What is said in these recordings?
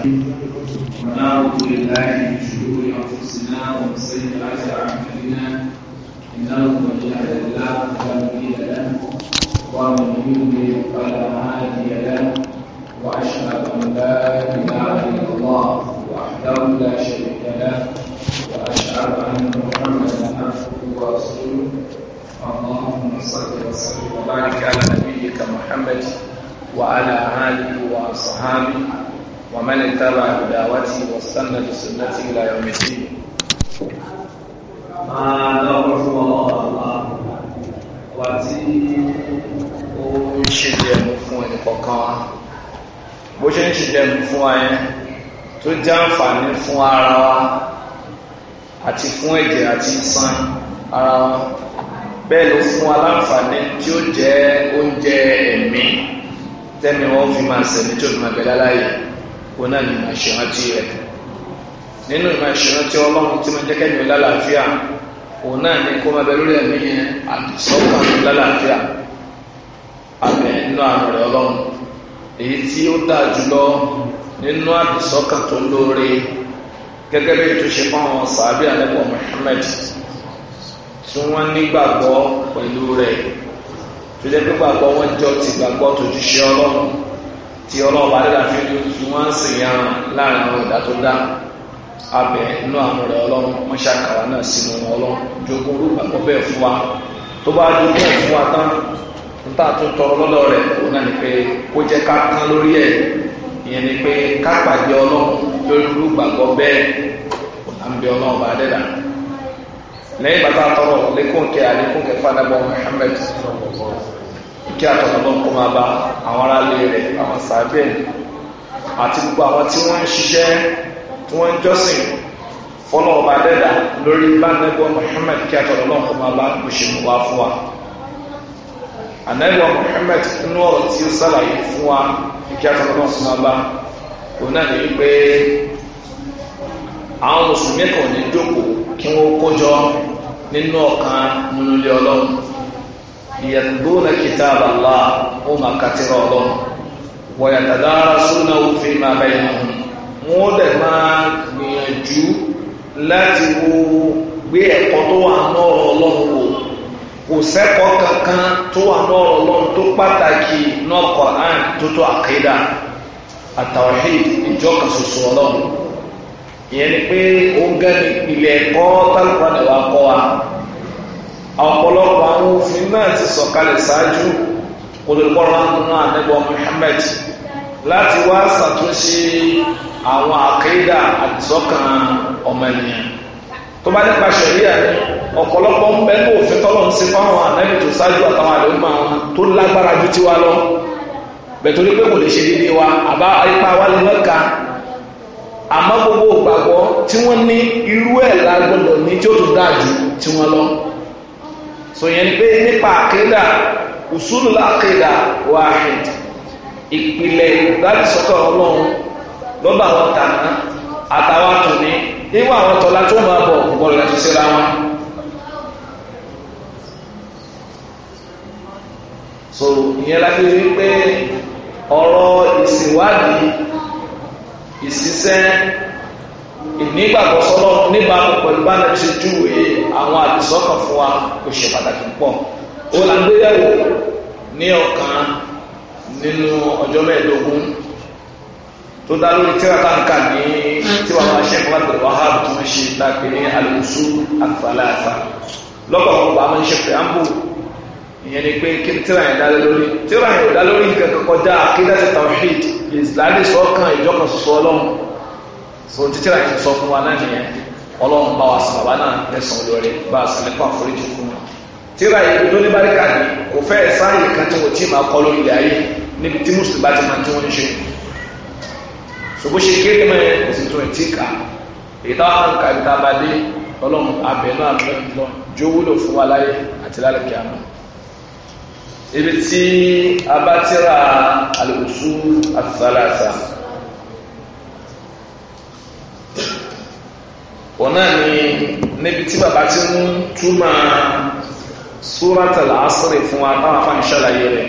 ونعوذ بالله من شرور انفسنا ومن سيئات اعمالنا انه من يهد الله فلا مضل له ومن يضلل فلا هادي له واشهد ان لا اله الا الله وحده لا شريك له واشهد ان محمدا عبده ورسوله اللهم صل وسلم وبارك على نبيك محمد وعلى اله واصحابه ومن اتبع بدعوته واستنى بسنته الى يوم الدين Ààrẹ ọ̀rọ̀ ọ̀la wà tí ó ń ṣe jẹun fún ẹnìkọ̀ọ̀kan wa. Bó ṣe ń ṣe jẹun fún wa yẹn tó jẹ́ àǹfààní fún ara wa àti fún ẹ̀jẹ̀ àti iṣan ara wa. Bẹ́ẹ̀ ló fún wa tí ó jẹ́ oúnjẹ ẹ̀mí tẹ́mi wọ́n fi máa sẹ̀mí tí ó fi máa gbẹ̀dá láyè òun náà ni màá ṣe rántí rẹ̀ nínú ìmọ̀ ìṣèrántí ọlọ́run tí máa jẹ́kẹ́ mi lálàáfíà òun náà ni kó máa bẹ lórí ẹ̀mí yẹn àdìsọ́kàn mi lálàáfíà abẹ nínú àmì rẹ̀ ọlọ́run èyí tí ó dáa jùlọ nínú àdìsọ́kàn tó lóore gẹ́gẹ́ bí ètò ṣe fún àwọn sàábì àlẹ́kọ̀ọ́ Muhammad tí wọ́n nígbàgbọ́ pẹ̀lú rẹ̀ tó jẹ́ pé gbàgbọ́ wọn jọ ti gbàgbọ́ tó ti ṣe ọlọ́run. tí ọlọ́ọ̀bá dídá fi ni wọ́n ń sìn yàn láàrin àwọn ìdá tó dá abẹ inú àwọn ọ̀rẹ́ ọlọ́run wọ́n ṣàkàwà náà sínú ọlọ́run jogún orúkọ àkọ́bẹ̀ fún wa tó bá fún tó ni pé kó jẹ́ ká tán lórí ẹ̀ ìyẹn ni pé ká ọlọ́run lórí olùgbàgbọ́ bẹ́ẹ̀ kí àtọ̀tọ̀lọ́ kó máa bá àwọn aráalé rẹ̀ àwọn sàábẹ̀ àti gbogbo àwọn tí wọ́n ń ṣiṣẹ́ tí wọ́n ń jọ́sìn fọ́nà ọba dẹ́dà lórí bánẹ́gbọ́ Muhammad kí àtọ̀tọ̀lọ́ kó máa bá kò wá fún wa ànẹ́gbọ́ Muhammad nínú ọ̀rọ̀ tí ó sàlàyé fún wa kí àtọ̀tọ̀lọ́ kó máa bá òun náà ní pé àwọn mùsùlùmí kan ní jókòó kí wọ́n kó jọ nínú ọ̀kan nínú ilé Ọlọ́run يتلون كتاب الله وما كثير الله ويتدارسونه فيما بينهم wọ́n dẹ̀ máa gbìyànjú láti wo gbé ẹ̀kọ́ tó wà nọọrọ ọlọ́run wò kò sẹ́kọ̀ọ́ kankan tó wà náà ọlọ́run tó pàtàkì náà tó tó ṣoṣo ọlọ́run ìyẹn ni pé ó gẹ́ni ẹ̀kọ́ tálùkọ́ àdàwà ọ̀pọ̀lọpọ̀ àwọn òfin náà ti sọ̀kalẹ̀ ṣáájú olùkọ́ra náà nígbà Muhammad láti wá ṣàtúnṣe àwọn àkéèdà àdìsọ́kàn ọmọ ènìyàn tó bá nípa ṣẹ̀ríà ni ọ̀pọ̀lọpọ̀ ń bẹ ní òfin tọ́lọ̀ ń ṣe fáwọn ànábì tó ṣáájú àtàwọn àdéhùn àwọn tó lágbára ju tiwa lọ bẹ̀tọ́lé pé kò lè ṣe dédé wa àbá ipa wa lè mọ́ka àmọ́ ìgbàgbọ́ tí wọ́n ní irú ẹ̀ lágbọ́dọ̀ ní tí ó tún dáa ju tiwọn lọ. so yẹn ni pé nípa àkéda usulu àkéda wahid ìpìlẹ̀ ìgbàlùsọ̀tọ̀ ọlọ́run lọ́dọ̀ àwọn tàná àtàwọn àtúní níwọ̀n àwọn tọ́lá tó máa bọ̀ gbọ́dọ̀ láti ṣẹlá wọn. so ìyẹn la fi rí pé ọ̀rọ̀ ìsìnwádìí ìṣiṣẹ́ ìnígbàgbọ́sọ́lọ́ níbàámu pẹ̀lú bá a ṣe júwèé àwọn àdìsọ́kàn fún wa kò ṣe pàtàkì pọ̀ ó là ń gbéyàwó ní ọ̀kan nínú ọjọ́ mẹ́ẹ̀ẹ́dógún tó dá lórí tírátáǹkà ní tí wàá máa ṣe fún àgbẹ̀ wàhálà tó ń ṣe dáàbì ní alùsù àfàlàfà lọ́pọ̀lọpọ̀ àwọn iṣẹ́ preamble ìyẹn ni pé kí tíra yẹn dá lórí tíra yẹn dá lórí nǹkan kan kọjá akíndàtì tawhid ìsìláàdì sọ́kàn ìjọkàn sọ́ọ́ ọlọ́run so títí ra ìsọ fún wa náà nìyẹn ọlọ́run bá wa sàbá náà lẹ́sàn-án lórí bá a sàn nípa àforíjì fún wa. tíra ìlú tó ní báríkà ni kò fẹ́ sáàyè kan tí wọ́n ti máa kọ́ lórí ilẹ̀ ayé níbi tí mùsùlùmí bá ti máa tí wọ́n ń ṣe. ṣùgbọ́n ṣe kéde mọ́ ẹ kò sì tún ẹ̀ tí kà èyí táwọn kan kà ọlọ́run abẹ náà jó wúlò fún wa láyé àti lálẹ́ a mọ̀ òun náà ni níbi tí bàbá ti ń túmọ̀ súrátàlá asírì fún wa táwọn afáàní ṣàlàyé rẹ̀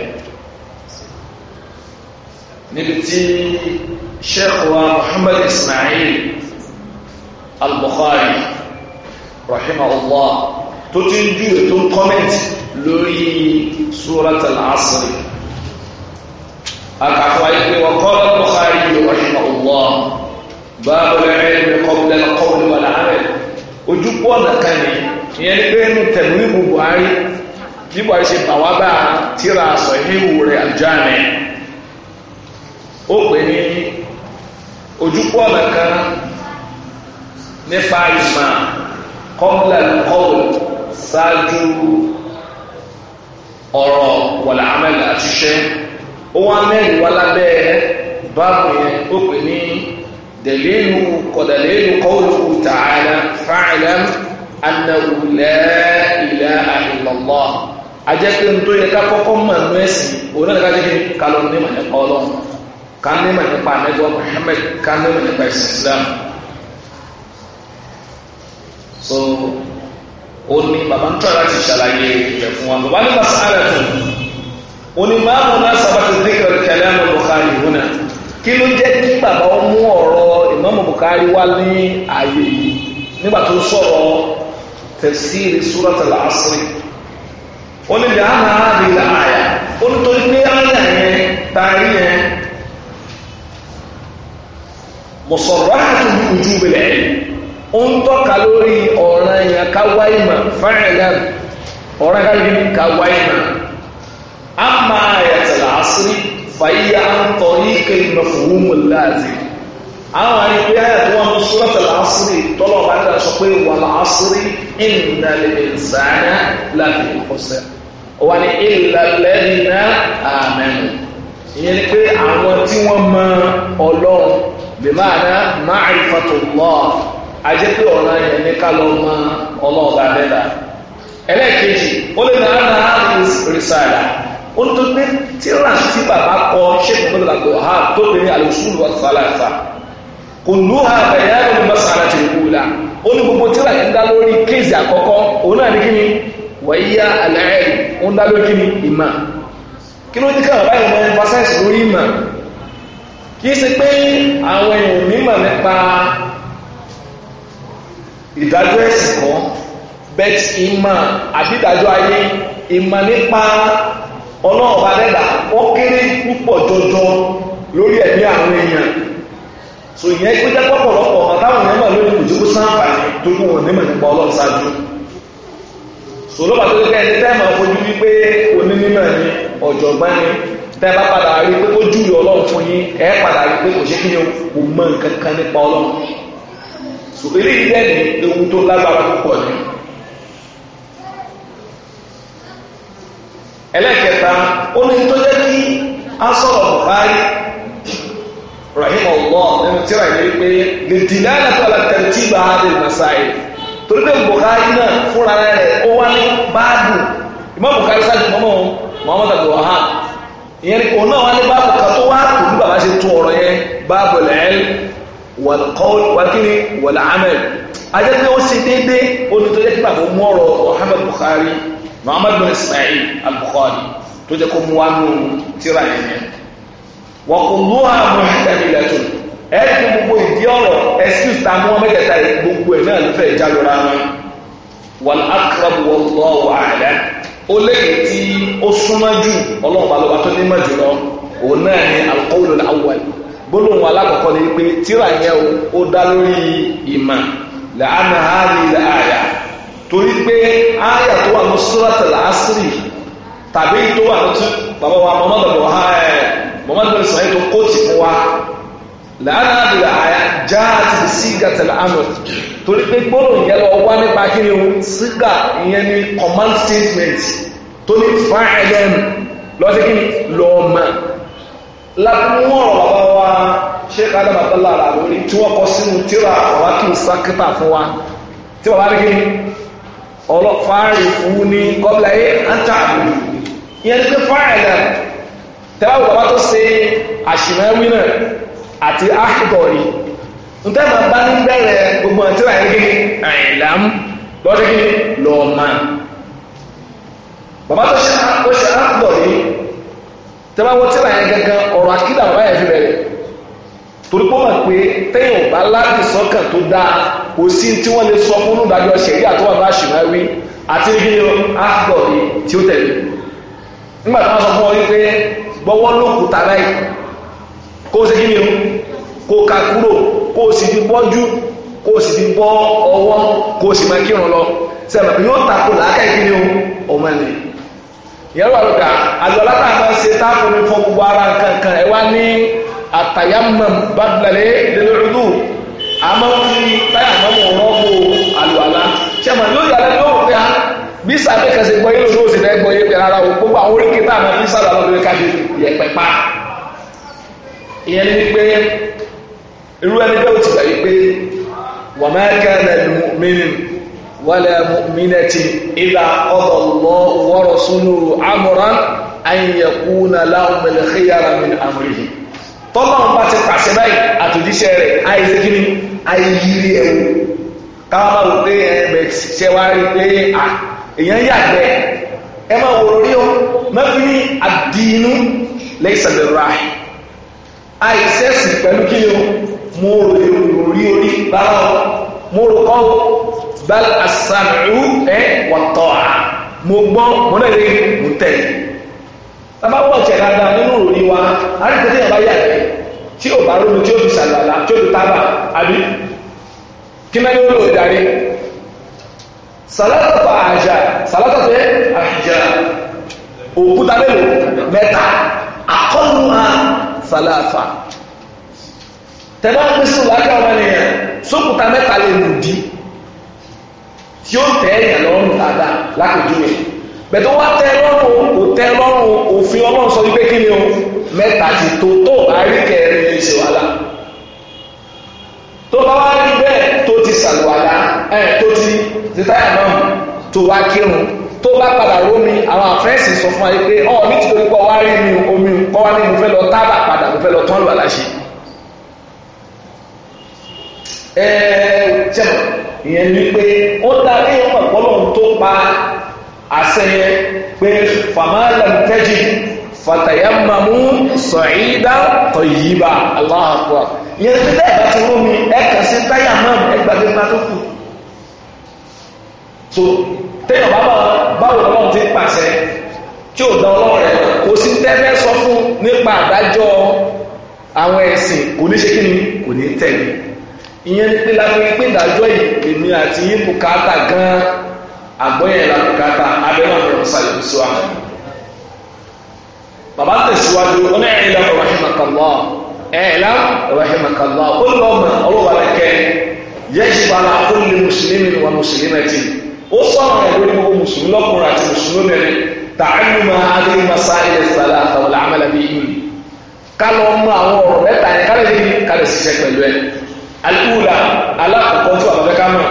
níbi tí sheikh wa muhammad ismail al-bukhari rahimahullah tó ti ń ju ètò kọ́mẹ́ntì lórí súrátàlá asírì akàfọ̀ àyíkpé wa qala al-bukhari rahimahullah báàbò ẹ̀rẹ́ kọ́bùlẹ̀ kọ́bùlẹ̀ wà láàárẹ̀ ojú pọ̀ nàkan ni ìyẹn ní pé nù tẹ̀lú ìbò Buhari bí Buhari ṣe bà wá bá tíra sọ ìhíwò rẹ̀ àjáàmì ó pè ní ojú pọ̀ nàkan nípa ìmà kọ́bùlẹ̀ kọ́bùlẹ̀ ṣáájú ọ̀rọ̀ wà láàárẹ̀ àtiṣẹ́ ó wá mẹ́rin wá lábẹ́ báàbò yẹn ó pè ní. دليل ودليل قوله تعالى فاعلم أنه لا إله إلا الله ajẹ́pé ń tó yẹ ká kọ́kọ́ mọ̀ ní ẹ̀sìn òun náà kájẹ́ kí ká lọ ní ìmọ̀ nípa ọlọ́run ká ní ìmọ̀ nípa àmẹ́gbọ́ Muhammad ní ìmọ̀ nípa ẹ̀sìn Islam so ó ní bàbá ń tọ́ láti ṣàlàyé rẹ̀ fún wa bàbá ní bàbá sáré fún un ó ní náà sábà ti dé kẹlẹ́ mọ́ Bukhari hùnà kí ló jẹ́ kí bàbá ó mú ọ̀rọ̀ ìmọ̀mù Bukhari wá ní ààyè yìí nígbà tó sọ̀rọ̀ tafsir surat al-asr ó ní bí àná àyà ó ní torí pé àyà yẹn tààrí yẹn bi ó ń tọ́ka lórí ọ̀ràn yẹn káwá ìmọ̀ ọ̀ràn yẹn káwá ìmọ̀ fàyíyà àtọ̀ yíkẹ́ ìmọ̀fòwúmù láàzì àwọn àyíkú yáyà tó wà ní sọ́lọ́tà làásìrì tọ́lọ̀ bá dà sọ pé wà làásìrì ìnàlẹ̀ ìsànà láti ìkọsẹ̀ wà ní ìlàlẹ̀ nínà àmẹ́nu ìyẹn ni pé àwọn tí wọ́n mọ ọlọ́run lè máa ná ma'rifatullah ajẹ́ pé ọ̀nà yẹn ní ká lọ mọ ọlọ́ọ̀gá bẹ́ẹ̀ dà ẹlẹ́ẹ̀kejì ó lè máa ná rìsáàlà ó ní tó pé tíra tí bàbá kọ ṣẹ́kù pẹ̀lú àgbò ha tó pè ní àlùsùn wà fàlàfà kò ló ha bẹ̀rẹ̀ láti ní masara ti wù la ó ní gbogbo tíra yẹn dá lórí kéèsì àkọ́kọ́ òun náà ní kí ni wàyíyá àlàyé ó ń dá lórí kí ni ìmà kí ló ní káwọn báyìí wọn fa sáyẹ̀sì lórí ìmà kì í ṣe pé àwọn èèyàn mímọ̀ nípa ìdájọ́ ẹ̀sìn kan bẹ́ẹ̀ ìmà àbídájọ́ ayé ìmà nípa ọlọ́run bá dẹ́dà ó kéré púpọ̀ jọjọ lórí ẹ̀mí àwọn èèyàn so ìyẹn pé jẹ́ pọ̀pọ̀lọpọ̀ ọmọ táwọn èèyàn mọ̀ lórí kò tí kó sáǹfà tó mú wọn nímọ̀ nípa ọlọ́run so ló bá tó kẹ́ ẹni tẹ́ẹ̀mọ̀ fojú wípé onímọ̀ ni ọ̀jọ̀gbọ́n ni tẹ́ bá padà rí pé ó júwe ọlọ́run fún yín ẹ padà rí pé kò ṣe kí ni kò mọ̀ nǹkan kan nípa ọlọ́run so eléyìí dẹ́ni ewu tó lágbára púpọ̀ ni ẹlẹ́kẹta ó ní tó jẹ́ kí a sọ̀rọ̀ Bukhari rahimahullah nínú tíra yìí pé lè dìlá àlàfo àlàtẹ̀ntì bá a lè nàṣà yìí torí pé Bukhari náà fúnra rẹ̀ ó wá ní báàdù ìmọ̀ Bukhari sáájú mọ́mọ́ Muhammad Abdul Wahab ìyẹn ni òun náà wá ní báàbù kan tó wá kù bí bàbá ṣe tún ọ̀rọ̀ yẹn báàbù lẹ́ẹ̀l wàlùkọ́ọ̀lù wákìrì ajẹ́ pé ó ṣe déédéé ó ní tó jẹ́ kí bàbá mú ọ̀rọ̀ Muhammad Bukhari muhammad bin ismail al-bukhari to jẹ́ kó mú wá tiri tíra yẹn gbogbo ìdí excuse ta wọn gbogbo ẹ̀ náà ló fẹ́ já lóra wọn wọn akrab wallahu a'lam ó léyìn tí ó jù bá tó ní òun náà ni torí pé àyà tó wà ní suratul asiri tàbí tó wà ní bàbá wa Muhammad eh, Muhammad bin Ismail tó fún wa làánà àdìrà àyà já àti sígàtà làánà torí pé gbọ́dọ̀ yẹn lọ wá nípa kí ni sígà ìyẹn ni command statement tó ní fáìlẹ́m lọ́sí kí ni lọ́ọ̀mà ọ̀rọ̀ bàbá wa Sheikh Adam Abdullah lórí tí wọ́n kọ sínú tíra àwọn kí fún wa tí bàbá rí kí ni ọlọ́fàárì wú ní kọ́bílà yé áńtà ìyẹn ní pé fáàlà tẹ́wọ́ bàbá tó ṣe àṣìmẹ́wí náà àti áhìdọ̀rì nítorí máa bá ní bẹ̀rẹ̀ gbogbo àti ìlànà gíní àìlám lọ́dún gíní lọ́ọ̀mà bàbá tó ṣe áhìdọ̀rì tẹ́wọ́ tí ìlànà gẹ́gẹ́ ọ̀rọ̀ àkídà bàbá fi bẹ̀rẹ̀ torí pé ó mọ̀ pé téèyàn bá láti sọ́kàn tó dáa kò sí tí wọ́n lè sọ fún onídàájọ́ ṣẹ̀rí àtọ́wà bá ṣì máa wí àti ní kíni mi tí ó tẹ̀lé nígbà tí wọ́n sọ fún ọ wípé gbọ́wọ́ o ṣe ka kúrò kó o sì fi bọ́jú kó o sì bọ́ ọwọ́ kó o sì máa kírun lọ o ọmọ ẹ̀ yẹ́rọ àlùkà àlùkà àtàyàmọ̀m bàbàlẹ̀ lẹ́lẹ́rọ̀dù àmọ́fí táyàmọ́mọ̀ rọ́gbò àlùwàlá ṣẹ́mọ̀ lórí alẹ́ ló pé a ah, bí sàbẹ̀ kẹsẹ̀ gbọ́ yìí lóṣooṣì rẹ̀ gbọ́ yìí pé ara o gbogbo àwọn oríkè tá àmọ́ fi sábà lọ́dọ̀ ká di yẹ̀pẹ̀ pa ìyẹn ni irú ẹni bẹ́ẹ̀ ó ti gbà wípé wàmáàkà lẹ́nu mímu wàlẹ̀ mímẹ́tì ìlà ọ̀dọ̀ lọ́ wọ́rọ̀ sunu amúran ayẹ̀kú nàlá ọmọlẹ́kẹ́yàrá mi àmúrìhìn tọ́lọ́run bá ti pàṣẹ báyìí àtòjíṣẹ́ rẹ̀ àìsí kí ni àìyírí ẹ̀wù káwọn máa wò pé ẹ̀bẹ̀ ṣe wá rí pé à èèyàn yàgbẹ́ ẹ máa wò rí o mẹ́fì ní àdínú lẹ́yìn sàbẹ̀rà àìsẹ́sì pẹ̀lú kí ni o mo rò èrò rí orí rárá o mo rò kọ́ o bal asàmìlú ẹ̀ wọ̀tọ̀ à mo gbọ́ mo náà rí mo tẹ̀lé tàbá pọ̀ tẹ̀ dáadáa nínú òní wa àríkètè yẹn bá yà kí tí ò bá rómi tí ó fi sàlàlà tí ó fi tábà àbí kí mẹ́rin ó lò darí sàlátà tó àjà sàlátà tó àjà òkúta mélòó mẹ́ta àkọ́nù ha sàlátà tẹ̀lé àwọn kristu lákà wọn nìyẹn sókùtà mẹ́ta lè lòdì tí ó tẹ̀ ẹ̀yàn lọ́rùn dáadáa lákòjú yẹn bẹ̀tẹ̀ wọ́n bá tẹ lọ́rùn kò tẹ lọ́rùn òfin ọlọ́run sọ wípé kí ni o mẹ́ta ti tó tó bá rí kẹrin lè ṣe wàhálà tó bá wá rí bẹ́ẹ̀ tó ti ṣàlùwàlá ẹ̀ tó ti títàyà náà tó wá kírun tó bá padà rómi àwọn àfẹ́sì sọ fún wa pé ọ nítorí pé wá rí mi omi kọ́ wá ní mo fẹ́ lọ tábà padà mo fẹ́ lọ tán lọ́la ṣe ẹ̀ẹ́dẹ́gbẹ̀rún ìyẹn ni pé ó dá kéèyàn pọ̀ pọ́lọ́n àṣẹyẹ pé fàmálàm tẹ́jì fàtàyàmàmú sọ̀ídà tọ̀yìíbà aláhàkùwà ìyẹn tí tẹ́ ìbá ti rú mi ẹ̀kà sí táyà náà ẹgbàgbé máa tó kù so tẹ́yọ̀ bábà báwo lọ́wọ́ ti pàṣẹ tí ò dán ọlọ́run rẹ̀ kò sí tẹ́fẹ́ sọ fún nípa àdájọ́ àwọn ẹ̀sìn kò ní ṣe kí ni kò ní tẹ̀lé ìyẹn ni pé láti pé ìdájọ́ yìí èmi àti yín bùkátà gan-an àgbọ́yẹ̀ la ọlọ́run sáyẹ̀ kó síwájú. bàbá tẹ̀síwájú ó ní ẹ̀yìn lọ rahimakallah ẹ̀yìn lọ rahimakallah ó lọ mọ ọlọ́wà lẹ́kẹ́ yẹ́sì bala ó lè mùsùlùmí wa mùsùlùmí ẹ̀tì ó sọ̀rọ̀ ẹ̀ lórí gbogbo mùsùlùmí lọ́kùnrin àti mùsùlùmí ẹ̀rẹ́ tààlùmọ̀ adé masáyẹ̀ sàlá àtàwọn àmàlàbí yìí kálọ̀ mú àwọn ọ̀rọ̀ mẹ́ta yẹn kálẹ̀ yìí kálẹ̀ ṣiṣẹ́ pẹ̀lú ẹ̀ alùpùpù alákọ̀ọ́kọ́ tí wà bàbá ká mọ̀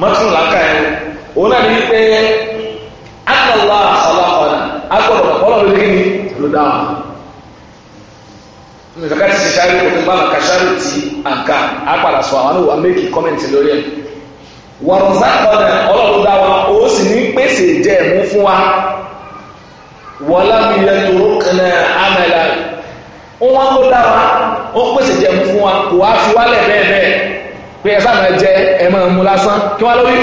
mọ́tún làákà àlọ́lá àsọ̀lọ́kọ̀ọ́nà agbọ́dọ̀ kọ́lọ́ ló dé ní ló dáhùn. nǹkan ti ṣe ṣáré kò tó bá nǹkan ṣáré ti àǹkà apàdà sọ àwọn àwọn méjì kọ́mẹ̀ntì lórí ẹ̀. wọ̀rùn sákọ̀ọ́nà ọlọ́run dá wa ó sì ní pèsè jẹ́ ẹ̀mú fún wa wọ́lá mi yẹ tóró kanna amẹ́lá wọn ló dá wa ó pèsè jẹ́ ẹ̀mú fún wa kò wá fi wálẹ̀ bẹ́ẹ̀ bẹ́ẹ̀ pé ẹ sáà jẹ ẹ máa lásán kí wọ́n lórí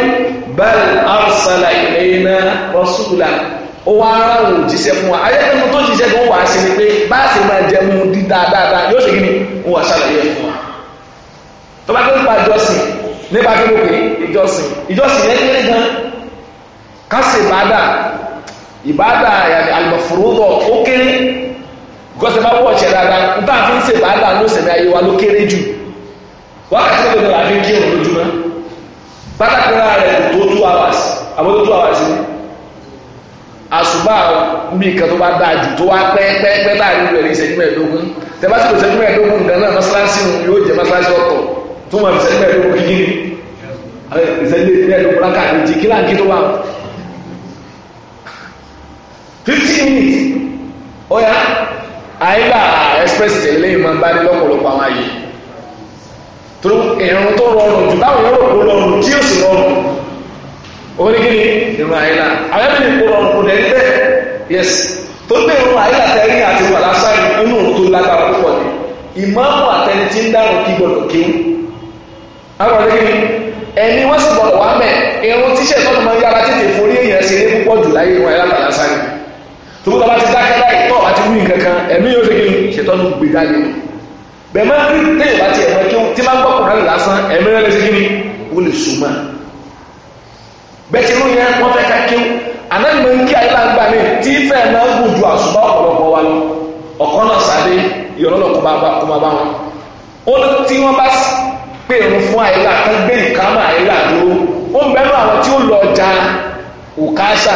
bal arsala ilayna rasula ó wá ara òun jíṣẹ́ fún wa ayẹ́kùnrin tó jíṣẹ́ fún wa sí ni pé bá sì máa jẹ mu di dáadáa yóò ṣe kí ni ó wà ṣàlàyé fún wa tó bá tó ń pa ìjọsìn nípa kí ló pè ìjọsìn ìjọsìn yẹn kéré gan kásì ìbádà ìbádà àlùmọ̀fòrúdọ̀ ó kéré gọ́sẹ̀ bá wọ̀ ṣẹ̀ dáadáa ń tàn fi ń ṣe ìbádà ló sẹ̀mí ayé wa ló kéré jù wákàtí tó lè pátákìlá rẹ̀ tó two hours àwọn tó two hours ni àṣùbà mi kan tó bá dáa jù tó wá pẹ́ẹ́pẹ́ láàrin ìlú ẹ̀rí ìṣẹ́jú mẹ́ẹ̀ẹ́dógún tẹ̀bátì kò ṣẹ́jú mẹ́ẹ̀ẹ́dógún nǹkan náà mọ́ṣáláṣí yóò jẹ́ mọ́ṣáláṣí ọ̀tọ̀ tó mọ̀ ìṣẹ́jú mẹ́ẹ̀ẹ́dógún kí kíni ìṣẹ́jú mẹ́ẹ̀ẹ́dógún lákà méjì kí láǹkì tó wà. fifteen minutes ó yá àyílà express tẹ̀lé ìmọ̀ bá ní lọ́pọ̀lọpọ̀ àwọn àyè tó ẹ̀rùn tó rọrùn jù báwọn yóò rò rọrùn tí yóò sì rọrùn òun ní kíni ìrùn àyílà àwọn ẹ̀mí rọrùn kò lẹ́yìn bẹ́ẹ̀ yes tó gbé ìrùn àyílà tẹ́rí àti wàlásà inú tó lágbára púpọ̀ ni ìmáàmù àtẹni tí ń dárùn kí gbọdọ̀ kéwù àwọn ọ̀rẹ́ kíni ẹni wọ́n sì gbọdọ̀ wá mẹ́ irun tíṣẹ̀ tọ́nu máa ń yára tètè forí èèyàn sí ilé púpọ̀ jù láyé ìrùn àyílà wàlásà ni tó bá ti ṣe kíni bẹ̀mọ́ kí tẹ́yìn bá ti ẹ̀mọ́ kí tí máa ń gbọ́ kùnrin lásán ẹ̀mí rẹ̀ lẹ́sẹ̀ kíni ó lè sùn mọ́ bẹ́ẹ̀ tí irú yẹn wọ́n fẹ́ ká kí anáni mo ń kí ayé láǹgbà mi tí fẹ́ máa ń gùn ju àṣùbá ọ̀pọ̀lọpọ̀ wa lọ ọ̀kan náà sáré ìrọ̀lọ́ kó máa bá wọn ó ní tí wọ́n bá pè ń fún ayé là kán gbé ìkámà ayé là dúró ó ń bẹ́ẹ̀ àwọn tí ó lọ ja òkáṣà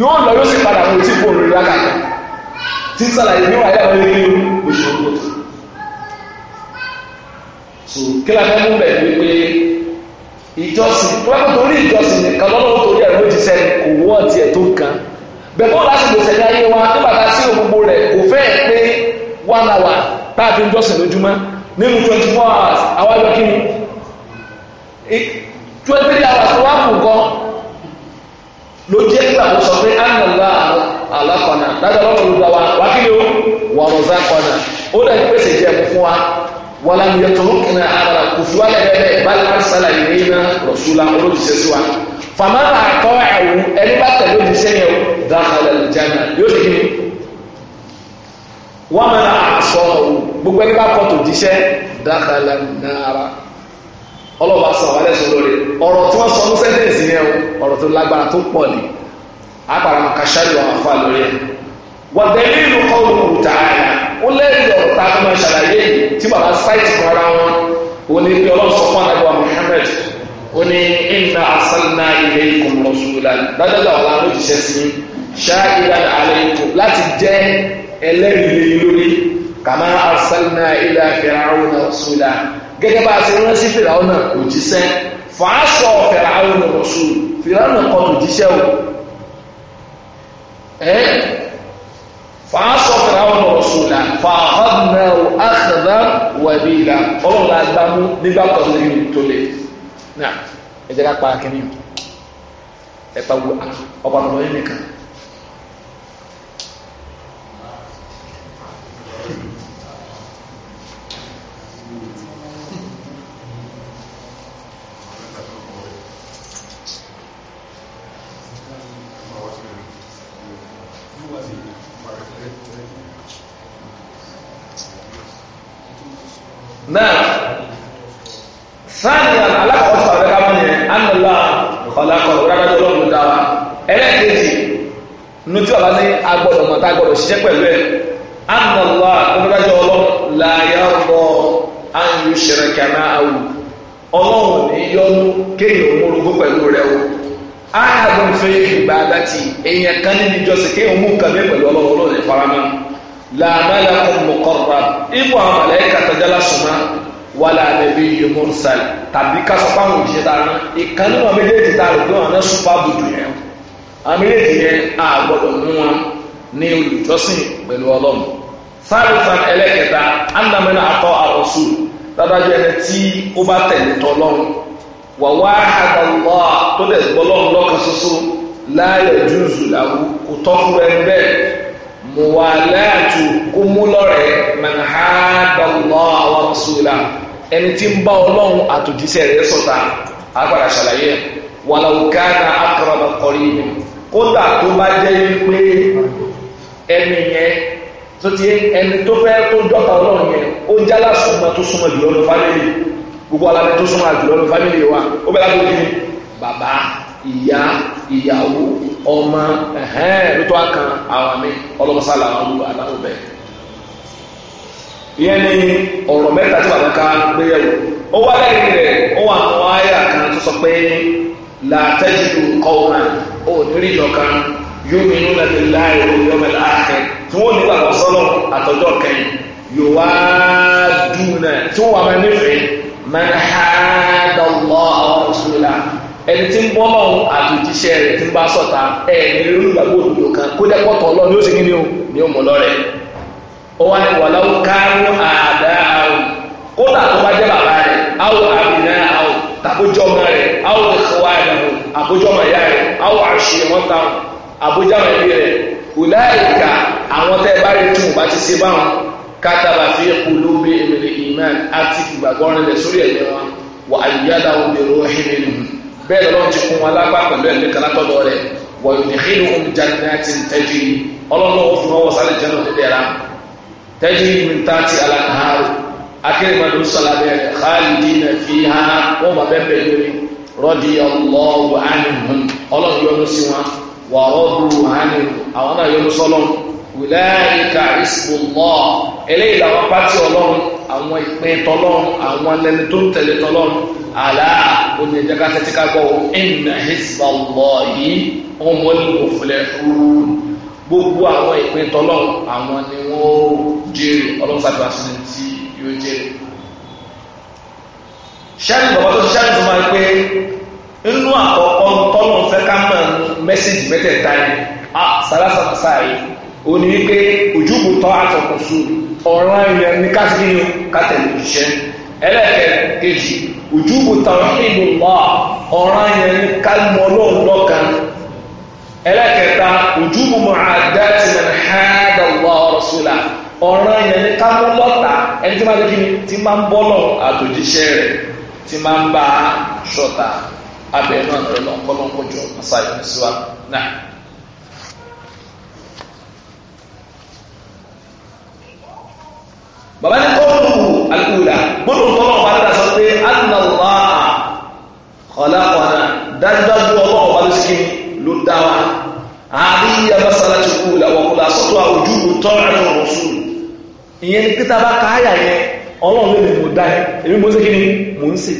yóò lọ yóò sì padà mọ̀ tí kò rí lákàtà tí sàlàyé níwáyé àwọn ilé oṣù tó so kílá fẹ́ mú bẹ̀rẹ̀ wípé ìjọsìn wọ́n torí ìjọsìn nìkan lọ́wọ́ torí ẹ̀rọ ìjísẹ́ kò wọ́n ti ẹ̀ tó kan bẹ̀bọ́ lásìkò sẹ̀dá ayé wa nígbà tá sí gbogbo rẹ̀ kò fẹ́ pé one hour tá a fi ń jọsìn lójúmọ́ nínú twenty four hours àwọn ẹgbẹ́ kí ni twenty three hours wà kù gan ló jẹ́ kí àwọn sọ pé ànàlá àlàkọ̀nà dájọ́ lọ́wọ́ olùgbà wa wákìlì ó wà rọ̀zákọ̀nà ó dẹ̀ pèsè jẹ́ fún wa wala mi yẹtọrọ kẹnẹ abala kofi wala yẹrẹ bali arisala yẹrẹ yina rọsula olu bi sẹ suwa fama b'a kọ ẹwu ẹni b'a tẹ lóbi sẹ yẹ dakhala aljanna yóò di kini wàmẹ n'a sọ ọwọ gbogbo ẹni b'a kọ tó di sẹ dakhala nara ọlọba sọ wàlẹ sọ lórí ọ̀rọ̀ tó sọ ní sẹtẹnsì yẹ ọ̀rọ̀ tó lágbára tó pọ̀ ni e akpara ma kasari wà fà lórí e. wà dẹbi ìlú kọ wò wò tààyà ó lẹ́yìn ọ̀rọ̀ tá a máa ṣàlàyé tí bàbá sáìtì kan ara wọn ó ní bí ọlọ́run sọ fún àdàbọ̀ Muhammad ó ní inna arsalna ilaykum rasulan dájọ́dá ọ̀la ló jíṣẹ́ sí shahidan alaykum láti jẹ́ ẹlẹ́rìí lórí kama arsalna ila fir'auna rasula gẹ́gẹ́ bá a ṣe rán sí fìràwọ̀ náà kò jíṣẹ́ fàásọ̀ fìràwọ̀ náà rasul fìràwọ̀ náà kọ́ fàásọ̀ fìràwọn ọ̀ṣùnà fàáhàmà àkàdá wàbílà ọlọ́run la gbá mú nígbà kan ní tó lé náà ẹ jẹ́ ká pa akínní nìkan. náà sáàdì alákọ̀ọ́sọ àbẹ́ká mọ́ yẹn ánàlá ọ̀làkọ̀ rárá lọ́wọ́ dá wa ẹlẹ́ẹ̀kejì nutí ọ̀la ní agbọ́dọ̀ mọ̀tá agbọ́dọ̀ ṣiṣẹ́ pẹ̀lú ẹ̀ ánàlá ọ̀dájọ́ ọlọ́run láyà ọ̀bọ̀ ayù ṣẹ̀rẹ̀kẹ̀nà awù ọlọ́run ní yọnu kéèyàn múrugún pẹ̀lú rẹ̀ o áyà bó ń fẹ́ ìgbà àdá ti èèyàn kan níbi ìjọsìn kéèyàn mú kàmí pẹ̀lú ọlọ́run ọlọ́run ìfaramọ́ làmàlàkùn muqarrab ibù àwọn màláíkà tajálà sùnmá wàlà nàbí yìí mursal tàbí kásọpá àwọn òjì ta ná ìkànnì wọn méjèèjì ta rò pé wọn náà súpà bùdù yẹn àwọn méjèèjì yẹn á gbọ́dọ̀ mú wọn ní olùjọ́sìn pẹ̀lú Ọlọ́run sáré fan ẹlẹ́kẹta anamẹ́nà àtọ́ àròsù dádájú ẹni tí ó bá tẹ̀lé tọ́lọ́run wà wá àdàlọ́ tó dẹ̀ gbọ́lọ́run kò tọ́ fún ẹ bẹ́ẹ̀ muwalaatu kumulọrẹ manhadallah wa rasula ẹni tí ń bá ọlọ́run àtòjíṣẹ́ rẹ̀ sọ̀tà agbára ṣàlàyé wàlàùkádà aqraba qarib kódà tó bá jẹ́ wípé ẹni yẹn tó ti ẹni tó fẹ́ tó jọ́ta ọlọ́run yẹn ó jálá súnmọ́ tó súnmọ́ jùlọ ní fámìlì gbogbo alábẹ́ tó súnmọ́ jùlọ ní fámìlì wa ó bẹ̀rẹ̀ àgbègbè bàbá ìyá ìyàwó ọmọ ẹ̀hẹ́n ló tó àkàn àwọn mi ọlọ́mọsálà àwọn olùgbà aláwọ̀ bẹ́ẹ̀. ìyẹn ni ọ̀rọ̀ mẹ́ta tí bàbá ká gbéyàwó ó wá lẹ́yìn rẹ̀ ó wà àwọn àyà kan tó sọ pé làtẹ́jú kọ́ọ̀mà ó nírí ìjọkan yóò mi nínú ẹni láì omi ọmọ ẹ̀ láàkẹ́ tí wọ́n ní bàbá sọ́lọ̀ àtọ́jọ́ kẹyìn yóò wá dùn náà tí wọ́n wà máa nífẹ̀ẹ́ máa ń há dàlọ́ àwọn òṣèlú ẹni tí ń bọ́ lọ́hùn àtòjíṣẹ́ rẹ̀ tí ń bá sọ̀tà ẹ̀ ní olùgbàgbọ́ òdodo kan kó dẹ́pọ̀tọ̀ ọlọ́run ní ó sì kí ni ó ní ó mọ̀ lọ́rẹ̀ ó wá ní wàláwó kánú àdá àrùn kódà tó bá jẹ́ bàbá rẹ̀ áwò àbìnà àwò tàbójọ́mọ rẹ̀ áwò ìṣòwò àdàbò àbójọ́mọ ìyá rẹ̀ áwò àṣì wọn ta àbójọ́mọ ẹbí rẹ̀ kùláìka àwọn tẹ́ bá rí tún bá ti ṣe báwọn kátàbà fi kulúbi bẹ́ẹ̀ lọ́wọ́ ti fún wọn lápá pẹ̀lú ẹ̀mí kan látọ̀dọ̀ rẹ̀ wọ́n ní kí ni òun jáde náà ti ń tẹ́jú yìí ọlọ́run ó fún ọwọ́ sálẹ̀ jẹ́ náà dédé ra tẹ́jú yìí mi ta ti alákàárò akérèmọdé sọlábẹ khalidina fiha wọn bá bẹ́ẹ̀ bẹ́ẹ̀ lórí radiyallahu anhum ọlọ́run yọ́nú sí wọn wà radu anhum àwọn náà yọ́nú sọ́lọ́run àlá onídẹ́kásẹ́ tí ká gbọ́ inna hizballahi humul muflihun gbogbo àwọn ìpín tọ́lọ́run àwọn ni wọ́n jèrè ọlọ́run sábà sí ní tí yóò jèrè. sẹ́ni bàbá tó sẹ́ni tó máa pé nínú àkọ́kọ́ tọ́lọ́run fẹ́ ká mọ̀ mẹ́sẹ̀jì mẹ́tẹ̀ẹ̀ta yìí ah, sàlásàmásà yìí ó ní wípé ojúbù tọ́ àtọ̀kùn sùn ọ̀ràn ìyẹn ní kásìkì ní kátẹ̀lẹ̀ òṣìṣẹ́ ẹlẹ́kẹ̀ẹ́ kejì ojúbò tawhidullah ọ̀ràn yẹn ní kálmọ̀ ọlọ́run lọ́kan ẹlẹ́kẹta ojúbò mu'adati man hada Allah wa rasulahu ọ̀ràn yẹn ní kálmọ̀ lọ́ta ẹni tí máa ń kíni tí máa ń bọ́ lọ́run àtòjíṣẹ́ rẹ̀ tí máa ń bá ṣọ̀tà abẹ́ẹ̀ náà lọ́kọ́lọ́kọ́jọ́ náà. bàbá ní kọ́ọ̀lù àlùkùlà gbọ́dọ̀ tọ́lọ̀ bá dá sọ pé alàlá ọ̀làkọ̀ọ̀nà dájúdájú ọlọ́wọ́ bá ló sì ló dá wa àríyá bá sára ti kú làwọ̀kọ̀lá sọ́tọ̀ àwùjú tọ́rọ̀ rọ̀sùn ìyẹn ní kíta bá káyà yẹn ọlọ́run lè mú dá yẹn èmi mo ṣe kí ni mò ń sì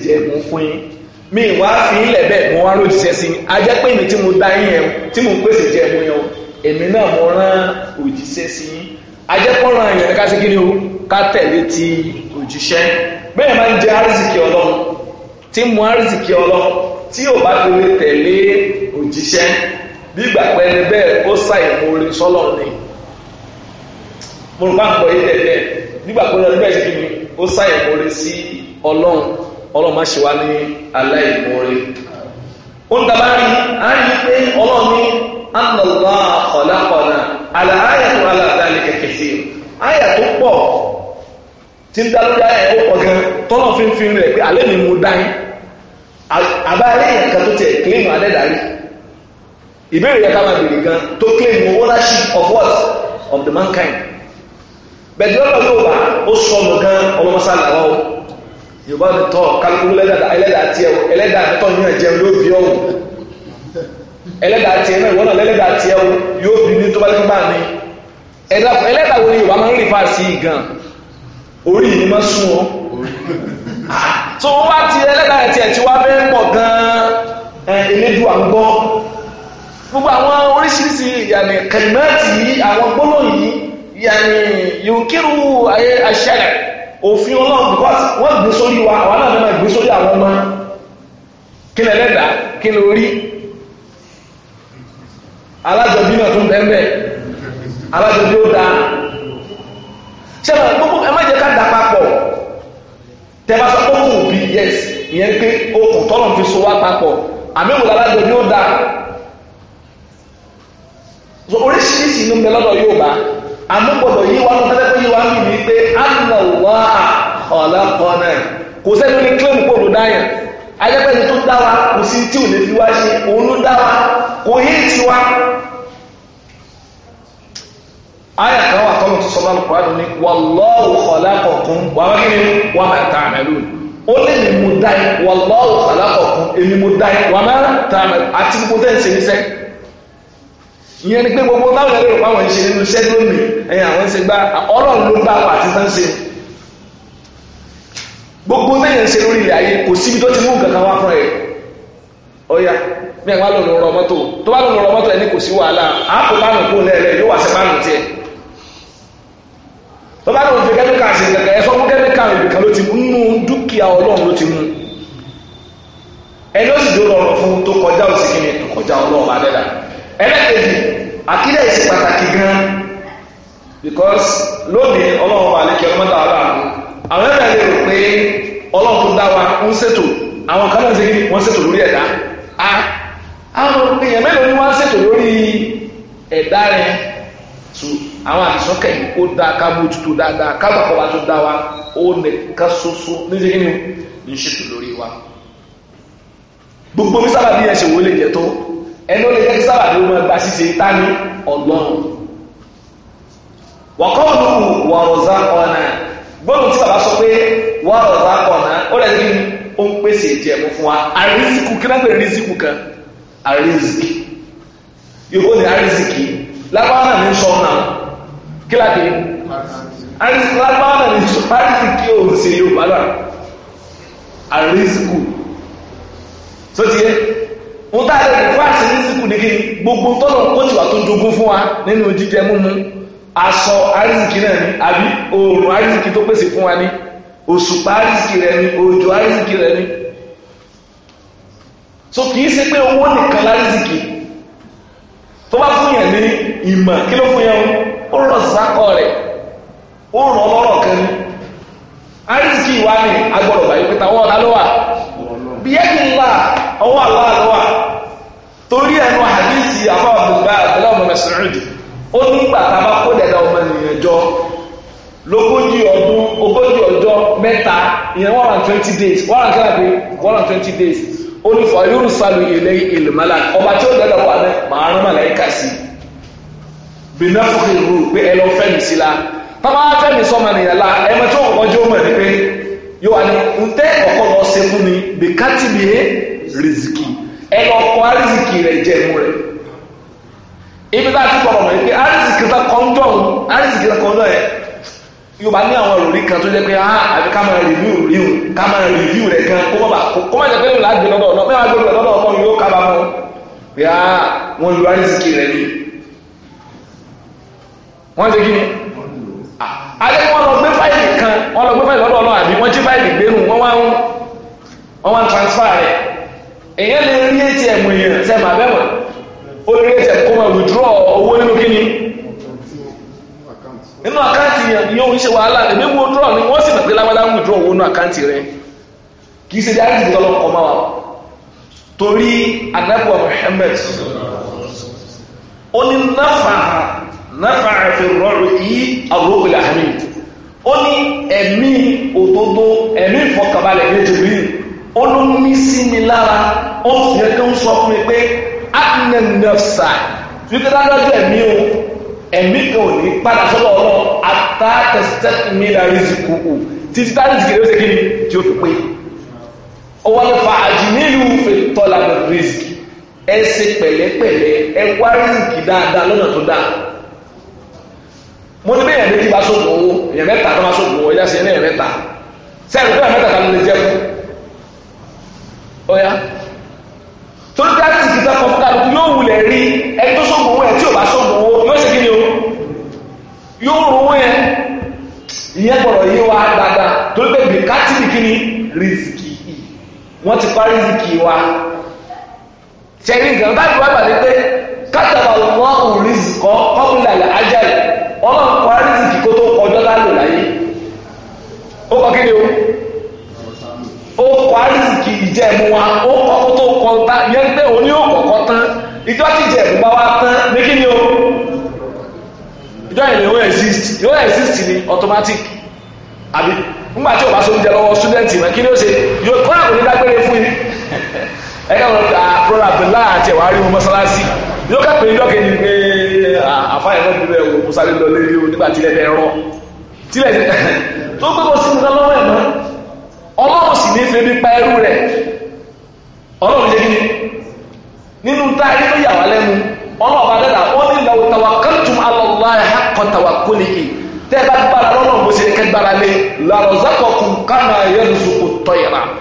mi wá fi ń lẹ̀ mo wá ló jíṣẹ́ sí i ajẹ́ pé èmi mo dá yín yẹn tí mo ń pèsè jẹ mo yẹn o èmi náà mo rán òjíṣẹ́ sí i ajẹ́ pọ́nrán yẹn ká ṣe o ká tẹ̀lé ti òjíṣẹ́ bẹ́ẹ̀ máa ń jẹ arzikì ọlọ́run tí mu arzikì ọlọ́run tí ò bá tẹ̀lé tẹ̀lé òjíṣẹ́ bí ìgbà pẹ́ni bẹ́ẹ̀ ó ṣàìmoore sọ́lọ̀ ni mo rò bá ń gbọ́ yé tẹ̀lé nígbà pẹ́ni bẹ́ẹ̀ sì ni ó ṣàìmoore sí ọlọ́run ọlọ́run má ṣe wá ní aláìmoore ó ń dábàá rí a ń yí pé ọlọ́run ní anàlá ọ̀làkọ̀ọ̀nà àlàáyà tó aláàbá ní kẹ̀kẹ́ sí i àyà tó pọ̀ tí ń dá lórí ayé ẹ̀wọ́ pọ̀ gan tọ́lọ̀ fi ń fi rẹ̀ pé alẹ́ mi mo dáin àbá ilé yẹn tó tiẹ̀ kílíìmù adẹ́dàrí ìbéèrè yẹn máa bèrè gan tó kílíìmù ownership of what of the mankind bẹ̀ẹ̀dì ọ̀rọ̀ yóò bá ó sọnù gan ọlọ́mọsá làwọ́ o yorùbá mi tọ́ kálukú ẹlẹ́dàá tiẹ̀ ẹlẹ́dàá tọ́ ní ẹ̀jẹ̀ yóò bí ọ̀hún ẹlẹ́dàá tiẹ̀ náà ìwọ́n náà lẹ́lẹ́dàá tiẹ̀ yóò bí ní tó bá lẹ́kọ́ bá ní ẹlẹ́dàá wo ni yorùbá máa ń rìn fáà sí gan orí yìí má sún ọ tó ah, o bá ti ẹlẹ́dàá rẹ̀ tiẹ̀ tí wá bẹ́ẹ̀ pọ̀ gan-an elédùn à ń gbọ́ gbogbo àwọn oríṣiríṣi ìyànnì kẹ̀mẹ́ẹ̀tì yìí àwọn gbólóhùn yìí ìyànnì yòókìrù àṣẹlẹ̀ òfin ọlọ́run because wọ́n gbé sórí wa àwọn náà máa gbé sórí àwọn ọmọ kí lẹ lẹ́dàá kí lè rí alájọbí náà tún bẹ́ẹ̀ bẹ́ẹ̀ alájọbí ó dáa ṣẹlẹ̀ gbogbo ẹ má jẹ́ ká dà papọ̀ tẹ́lá sọ pé kò yes ìyẹn pé okùn tọ́lọ̀ fi so wá papọ̀ àmì wò lára jẹ ní ó dáa so oríṣiríṣi inú mi lọ́dọ̀ yóò bá àmọ́ gbọ́dọ̀ yí wa lọ́dọ̀ pé yí wa ń bì pé àná wà ọ̀la kọ́nà kò sẹ́ni ní kílẹ̀mù kó ló dá yẹn ayẹ́pẹ́ni tó dá wa kò sí tí ò lè fi wá ṣe òun ló ọlọ́run ti sọ́dọ̀ lọ́kọ̀ àdùn ní wallahu khalaqakum wà á kíni wà má ta'malun ó lè ní mo dá yín wallahu khalaqakum èmi mo dá yín wà má ta'malun àti gbogbo tẹ́ ń ṣe níṣẹ́ ìyẹn ni pé gbogbo táwọn ẹlẹ́rìí pa àwọn ìṣe nínú iṣẹ́ lónìí ẹ̀yìn àwọn ṣe gbá ọlọ́run ló dá àti tán ṣe gbogbo mẹ́yàn ṣe lórí ilẹ̀ ayé kò síbi tó ti mú nǹkan kan wá fún ẹ̀ ọ̀yà mẹ́ẹ̀ wá lòun rọ mọ́tò tó bá lòun rọ mọ́tò ẹ̀ ní kò sí wàhálà àpò bá nù lẹ́ẹ̀lẹ́ yóò wá sí bá tiẹ̀ tó bá lóun fi kẹ́míkà sí kẹ̀kẹ́ ẹ̀sọ́ fún kẹ́míkà ìbìkan ló ti mú nínú dúkìá ọlọ́run ló ti mú ẹni ó sì dúró lọ́rọ̀ fún tó kọjá òsì kìíní tó kọjá ọlọ́run bá dẹ́dà ẹlẹ́kẹ̀ẹ́jì àkílẹ̀ ìsìn pàtàkì gan because lónìí ọlọ́run wà lẹ́kẹ̀ẹ́ ọlọ́mọdé aláàánú àwọn ẹ̀rọ ẹ̀rọ rò pé ọlọ́run tó dá wa ń ṣètò àwọn kan náà ṣe kí wọ́n ṣètò lórí ẹ̀dá àwọn èèyàn mélòó ni wọ́n ṣètò lórí ẹ̀dá rẹ̀ so àwọn àdìsọ́kẹ̀ ó dá kábù tutù dáadáa kábàkọ̀ wa tó dá wa ó nìkan ṣoṣo níṣẹ́ kí ni ṣètò lórí wa gbogbo bí yẹn ṣe wò lè jẹ tó ẹni ó lè jẹ́ kí gba ṣíṣe tá ní ọlọ́run wọ́kọ́ ònú wọ̀rọ̀zá ọ̀nà gbọ́dọ̀ tí bàbá sọ pé lágbára ní sọ náà kí láti lágbára ní sọ láti kí o ṣe yorùbá lọ àrísìkù tó ti yẹ wọn tá a fún àrísìkù ní kí gbogbo tọ́lọ̀ kó tiwa tó jogún fún wa nínú jíjẹ múmu aṣọ àrísìkì náà ni àbí oòrùn àrísìkì tó pèsè fún wa ni òṣùpá àrísìkì rẹ ni òjò àrísìkì rẹ ni so kì í ṣe pé owó nìkan lárísìkì tó bá fún yẹn ní ìmọ̀ kí ló fún yẹn ó rọ̀ sákọ̀ rẹ̀ ó ràn lọ́rọ̀ kan ní àrísìkì wa ni agbọ́dọ̀ bàyí pé tàwọn ọ̀la ló wà bí ẹ́ kí n ọwọ́ wà torí ẹnu àtẹlẹ́ ọmọ mẹsàn-án ó bá kó dẹ̀dà ọmọ ènìyàn jọ lógójì ọdún ogójì ọjọ́ mẹ́ta ìyẹn one and twenty days one and twenty bìnnáfọ̀kì rú pé ẹ lọ fẹ́ mi sí la bàbá fẹ́ mi sọ́mọ nìyẹn la ẹ mọ̀ tí ó kọ́kọ́ jẹ́ ọmọ ẹ̀ pé yóò wá ní ntẹ́ ọ̀kọ́ lọ ṣe fún mi bìkátì mi rìzìkì ẹ lọ kọ́ àrìzìkì rẹ̀ jẹ́ mú rẹ̀ ibi tá a ti kọ̀ ọ̀mọ̀ yìí pé àrìzìkì tá kọ́ńdọ̀ àrìzìkì tá kọ́ńdọ̀ yẹn yóò bá ní àwọn ìròrí kan tó jẹ́ pé ah àbí ká máa rìvíw rìvíw ká máa rìvíw rẹ̀ gan kó má kó má jẹ́ pé ńlá gbé lọ́dọ̀ ọ̀nà pé wọ́n á lọ́dọ̀ ọ̀nà yóò kábàámọ̀ pé ah wọ́n lu àrìzìkì rẹ̀ ni wọ́n ṣe gini ni alẹ́ wọn lọ gbé kan wọn lọ gbé fáìlì àbí wọ́n jí fáìlì gbénu wọ́n wá ń wọ́n wá ń transfer rẹ̀ èyàn lè rí etí ẹ̀mù èèyàn tẹ́ màá bẹ́ẹ̀ ó rí etí ẹ̀kọ́ máa withdraw owó nínú ni yóò ń draw ni wọ́n sì mọ̀ pé lágbádá ń withdraw owó nínú àkáǹtì kì í náfàá fi rọrùn yí àwòrán àmì ó ní ẹ̀mí òdodo ẹ̀mí ìfọkànbalẹ̀ ní jùlọ ó ló ní sí mi lára ó sì yẹ kí ń sọ fún mi pé adnẹ nẹfṣà fífi dájọ́ ẹ̀mí o ẹ̀mí kan ò ní padà sọ́dọ̀ ọlọ́ pẹ̀lẹ́pẹ̀lẹ́ ẹ wá dáadáa lọ́nà tó dáa mo ní bẹ́ẹ̀ méjì bá sọ̀rọ̀ owó èèyàn mẹ́ta tó máa sọ̀rọ̀ owó ẹ̀dá sí ẹ̀yàn mẹ́ta sẹ́ẹ̀rù bẹ́ẹ̀ mẹ́ta kan lè jẹ́ fún ọ̀yá tó dá sí ìkìtà kan fúnra lókun yóò wulẹ̀ rí ẹni tó sọ̀rọ̀ owó ẹ̀ tí ò bá sọ̀rọ̀ owó yóò ṣe kí ni o yóò rò owó yẹn ìyẹn gbọ́dọ̀ yé wa dáadáa torí pé bìkátì ni kí ni rìsìkì wọ́n ti pa rìsìkì wa ṣẹ̀rí nǹkan báyìí wá gbàdé pé kátàbà ọlọ́run kọ́ àrísìkì kó tó kọjọ́ lálò láyé o ó kọ́ àrísìkì ìjẹ̀mú wa ó kọ́ kó tó kọ́ ta yẹn pé òní ó kọ̀kọ́ tán ìjọ́ tí ìjẹ̀mú bá wá tán ní kí ni o exist yóò automatic àbí nígbà tí o bá so oúnjẹ lọ́wọ́ student rẹ̀ kí ni ó ṣe yóò kọ́ àkùnrin dágbére fún yìí. ẹ̀yẹ́ wọn àbúrò Abdullahi àti ẹ̀wà rí wọn mọ́sálásí yóò kápẹ́ ní dọ́kẹ́ ní pé àfáàyàn náà bíbẹ̀ wò mọ́sálásí lọ lórí o nígbà tílẹ̀ bẹ́ẹ̀ rọ tílẹ̀ tó gbé wọn sínú lọ́wọ́ ẹ̀ mọ́ ọlọ́run sì ní fẹ́ẹ́ nípa ẹrú rẹ̀ ọlọ́run jẹ́ kí nínú táyé ló yà wá lẹ́nu ọlọ́run bá dẹ́ta ó ní law tawakkaltum ala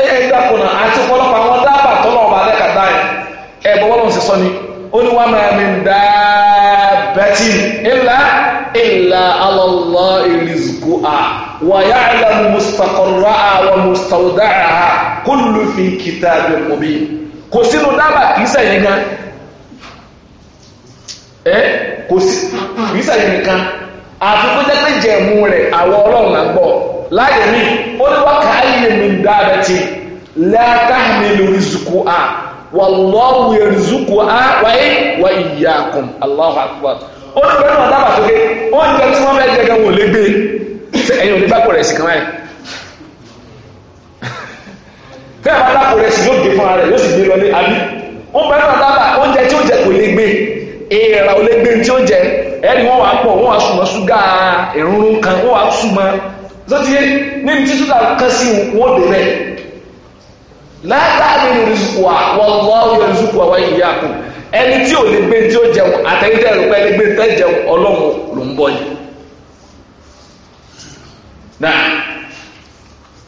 ẹ̀yẹ ìdákùnà àti ọ̀pọ̀lọpọ̀ àwọn dábà tọ́lọ̀ ọba adẹ́kàdá yẹn ẹ̀ bọ́ sì sọ ni ó máa mi dá bẹ́tì illa illa alọ́lọ́ ìrìzùkú a wà ilà mùsùtàkọ̀rọ̀ à wà mùsùtàwùdà à kullu fi kitabin mubin kò sínú dábà kìí láyẹ̀mí mi ó ní wákà ń dáadáa ti wáyé kùn ó ní dábàá oúnjẹ tí wọ́n fẹ́ jẹ wọn ò lé gbé ẹ̀yin ò ní bá rẹ̀ sí kan báyìí bẹ́ẹ̀ bá rẹ̀ sí yóò gbé fún ara rẹ̀ yóò sì gbé lọ ní àbí wọ́n bẹ̀rẹ̀ náà dábàá oúnjẹ tí ó zọ́tíyé níbi tí ṣúgà kan sí wọ́n dé rẹ̀ látàrí rìzùkùwà wọ́n rìzùkùwà wáyé ìyá kù ẹni tí ò lè gbé tí ó jẹun àtẹ̀yìntẹ̀ rẹ̀ pẹ́ lè gbé tẹ́ jẹun ọlọ́run ló ń bọ́ yìí náà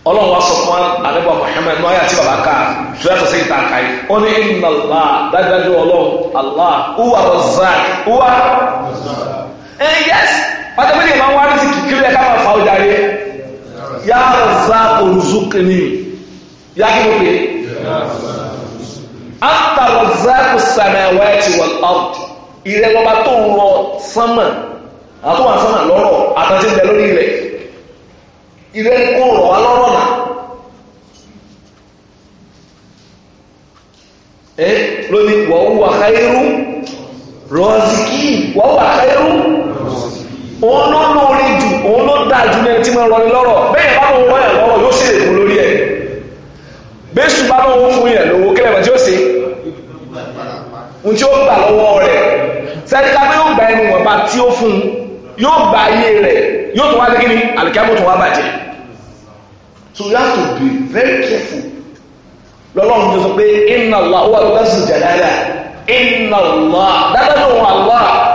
ọlọ́run wa sọ fún wa àdébọ̀ Muhammad náà yàtí bàbá ká tó yàtọ̀ sí ìta ká yìí ó ní inna Allah dájúdájú ọlọ́run Allah uwa Razzaq uwa ẹ̀ yẹ́sì pátákó ni ìmọ̀ wá ti kìkiri ẹ̀ ká máa fa ọjà rùzùkìní yá kí ló pè é. anta razzaku samawati wal ard ìrẹ́ lọ́ba tó ń rọ sánmà àtúwà sánmà lọ́rọ̀ àtàtì ìbẹ̀ lórí rẹ̀ ìrẹ́ kó rọ̀ wá lọ́rọ̀ náà. ẹ lónìí wọ́n wà káyérú rọ́ọ̀sì kí wọ́n wà káyérú rọ́ọ̀sì. òun ló lóore jù òun ló dáa jù ní ẹni tí mo rọ lọ́rọ̀ bẹ́ẹ̀ bá lóun rọyàn lọ́rọ̀ yóò ṣe èkó lórí ẹ̀ bẹ́sù bá lóun fún yẹn lówó kílẹ̀ mọ̀ tí ó ṣe ohun ó gbà lọ́wọ́ rẹ̀ sẹ́ríkà yóò gba ẹnu wọ̀nba tí ó fún un yóò gba ayé rẹ̀ yóò tún wá dé kíni àlùkàmù tún wá bàjẹ́ so you have to be very careful lọ́lọ́run tó sọ pé inna Allah wà lọ́sùn jàdáyà inna Allah dáadáa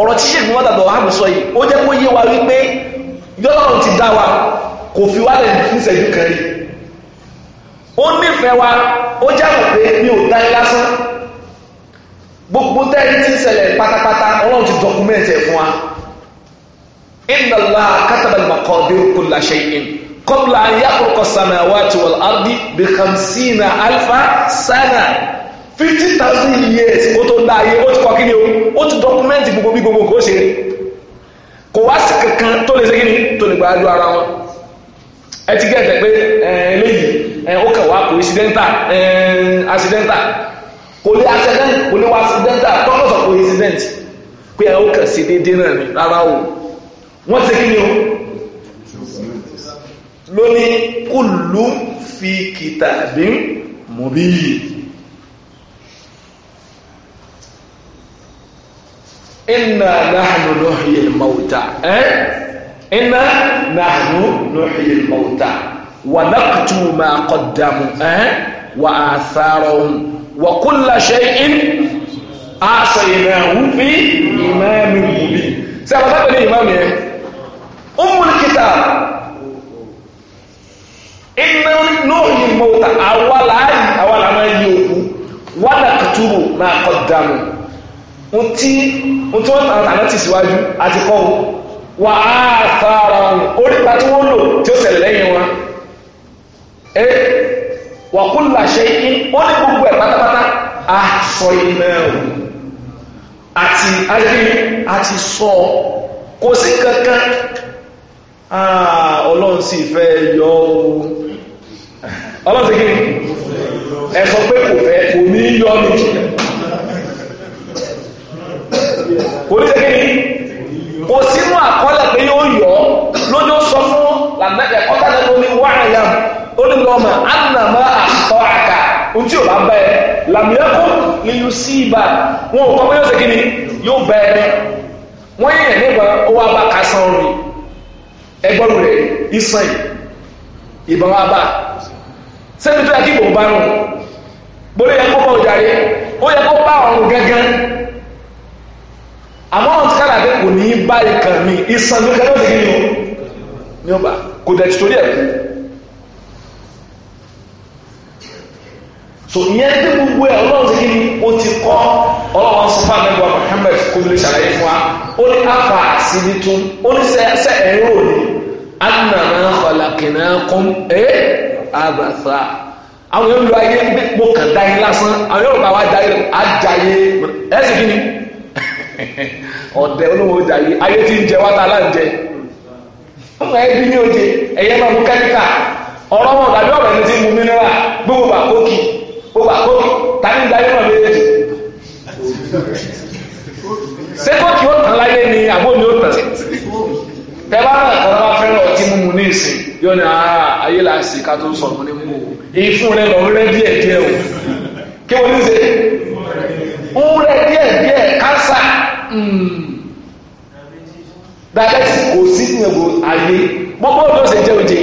ọ̀rọ̀ tí ṣègùn wọ́n tàbí ọ̀hábù sọ yìí ó jẹ́ kó yé wa wípé yọ́lọ́run ti dá wa kò fi wá lẹ̀ fún ìṣẹ́jú kan rí ó nífẹ̀ẹ́ wa ó jáwọ́ pé mi ò dá lásán gbogbo tẹ́rí tí ń ṣẹlẹ̀ pátápátá ọlọ́run ti dọkumẹ́ntì ẹ̀ fún wa inna Allaha kataba al-maqadir kulla shay'in qabla an yakhluqa as-samawati wal-ardi bi fifty thousand years ó tó ń dá ayé ó ti kọ kí ni o ó ti dọ́kúmẹ́ǹtì gbogbo bí gbogbo nǹkan ṣe kò wá sí kankan tó lè ṣe kí ni tó lè gbàdúrà ara wọn ẹ ti gẹ̀ẹ́sẹ̀ pé eléyìí ó kàn wá kò ìsidẹ́ntà àsidẹ́ntà kò lè àsidẹ́ntà kò lè wá àsidẹ́ntà tọ́lọ̀ sọ kò ìsidẹ́ntì pé ẹ ó kàn sí déédéé náà ni rárá o wọ́n ti ṣe kí ni o lónìí kùlù fi kìtàbí mọ̀bí yìí. إنا نحن نحيي الموتى إيه؟ إنا نحن نحيي الموتى ونكتب ما قدموا إيه؟ وآثارهم وكل شيء أعصيناه في إمام مبين سيما تقول إمام إيه؟ أم الكتاب إنا نحيي الموتى أولا أولا ما يوكو ونكتب ما قدموا ohun tí wọ́n tàn tàná tì síwájú àti kọ́ o wà á fara hàn orípa tí wọ́n lò tí ó ṣẹlẹ̀ lẹ́yìn wọn ẹ wà kó làṣẹ yín wọ́n ní gbogbo ẹ̀ pátápátá a sọ iná o àti ayé àti sọ kò sí kankan ọlọ́run sì fẹ́ yọ ọ́ ọlọ́run sì kí ni ẹ sọ pé kò fẹ́ kò ní yọ ọ́ kò ní sẹ́kẹ́ ní kò sínú àkọọ́lẹ̀ pé yóò yọ lójó sọ fún làbẹ́kẹ̀ kọ́tà náà ló ní wáyà ó ní lọ́mọ ànàmọ́ àtọ́ àkà ojú ò bá bẹ́ ẹ làmìlẹ́kùn ni yóò sí ibà wọn ò kọ́ pé yóò sẹ́kẹ́ ní yóò bẹ́ ẹ dẹ́ wọ́n yẹn nígbà ó wá bá kásán rí ẹgbọ́n rẹ̀ ìsàn ìbọn wá bá sẹ́ni tó yẹ kí ìbò bá rùn bó kó bá ọjà rí ó yẹ kó bá ọrùn gángan àmọ́ àwọn ti kára pé kò ní bá ikàn mi ìsàn ló kẹ́ lọ́dẹ̀ nínú ní ọba kò dẹ̀ tìtorí ẹ̀ so ìyẹn tí gbogbo ẹ̀ ọlọ́run ti kí ni ó ti kọ́ ọlọ́run sọfà mẹ́gbà Muhammad kó lè ṣàlàyé fún wa ó ní afa síbi tún ó ní sẹ́ ẹ̀rọ ni annama khalaqnakum ẹ̀ abatha àwọn yóò lu ayé mo kàn dá lásán àwọn yóò bá wa dá yín ajá sì kí ọ̀dẹ olówó yìí ayé tí ń jẹ wáta láǹjẹ ọmọ ẹbí ní oje ẹyẹ mú kẹ́míkà ọ̀rọ̀ wọn tàbí ẹni tí ń mu gbogbo gbogbo tani tàn láyé ni tàn náà kọ́ fẹ́ràn ọtí ní ìsìn yóò ní ah, ayé ká tó mú ìfún rẹ̀ lọ rẹ̀ díẹ̀ díẹ̀ o kí wọ́n ní ń diabetes hmm. kò sí ní ẹ̀gbọ́n ayé gbogbo ọdún ṣe jẹ́ oje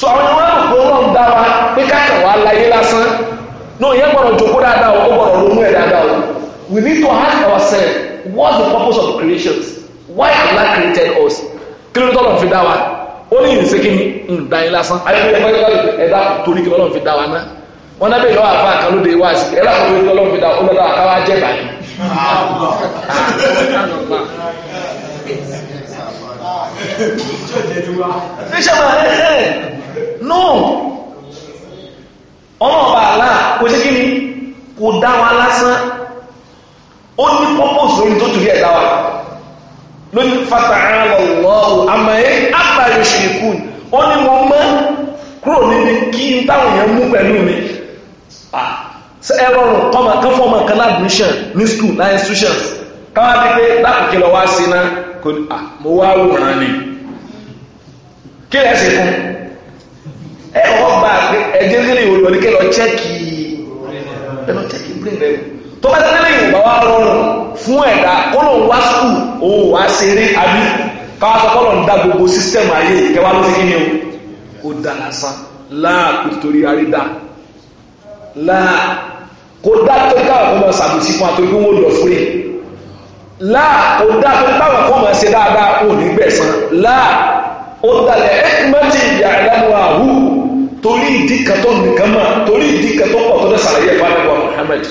so àwọn ìwọ́n àpò wọn ń dá wa pé káàkiri wa láyé lásán náà ìyẹn gbọ́dọ̀ jókòó dáadáa o gbọ́dọ̀ ronú ẹ̀ dáadáa o we need to ask ourselves what's the purpose of creation why Allah created us kí ló ń tọ́lọ̀ fi dá wa ó ní ìrìnsẹ́kí ń dá yín lásán ayé kí ẹ̀dá torí kí lọ́lọ́ fi dá náà wọn náà bẹ̀rẹ̀ lọ́wọ́ àfa kan lóde wá sí ẹ̀rọ àwọn olóyún ọlọ́run fi dá ọlọ́dọ̀ àkáwá jẹ́ báyìí. níṣẹ́ máa ń hẹ́ nù ọmọ ọba àlá kò sí kí ni kò dá wa lásán ó ní pọ́pọ́sì lórí tó torí ẹ̀ dá wa lórí fata'ala Allahu àmọ́ ẹ̀ àgbà yóò ṣe kú ó ní mo mọ́ kúrò níbi kí n táwọn èèyàn mú pẹ̀lú mi. Ah, ṣe ẹ rọrùn kọ́mọ kán fọ́mọ kan admission ní school náà institutions káwá ti pé dákùnkì lọ wá sí iná kò ní à ah, mo wá wòrán ni kí lẹ ṣe fún ẹ ọkọ gba ẹjẹ nílé ìwòlò ní kí lọ chẹ́kì ẹnu chẹ́kì brain rẹ tó bá tẹ́lẹ̀ ìwòbá wá rọrùn fún ẹ̀dá kó lóun wá school òun wá ṣeré àbí káwá sọ kọ́lọ̀ ń dá gbogbo system ayé ìkẹwàá ló ti kí ni o kò dà lásán láàpù torí àrídà láà kò dákẹ́ káwọn kan máa ṣàbùsí fún àti ojú wọn lọ fúri láà kò dákẹ́ káwọn kan máa ṣe dáadáa wọn la ní gbẹ̀san láà ó dalẹ̀ ẹ́kúmẹ́tì ìyá ẹ̀dánù àhú torí ìdí kan tó nìkan mọ̀ torí ìdí kan tó pọ̀ tó dẹ̀ sàlàyé ẹ̀fọ́ àdàbọ̀ Muhammad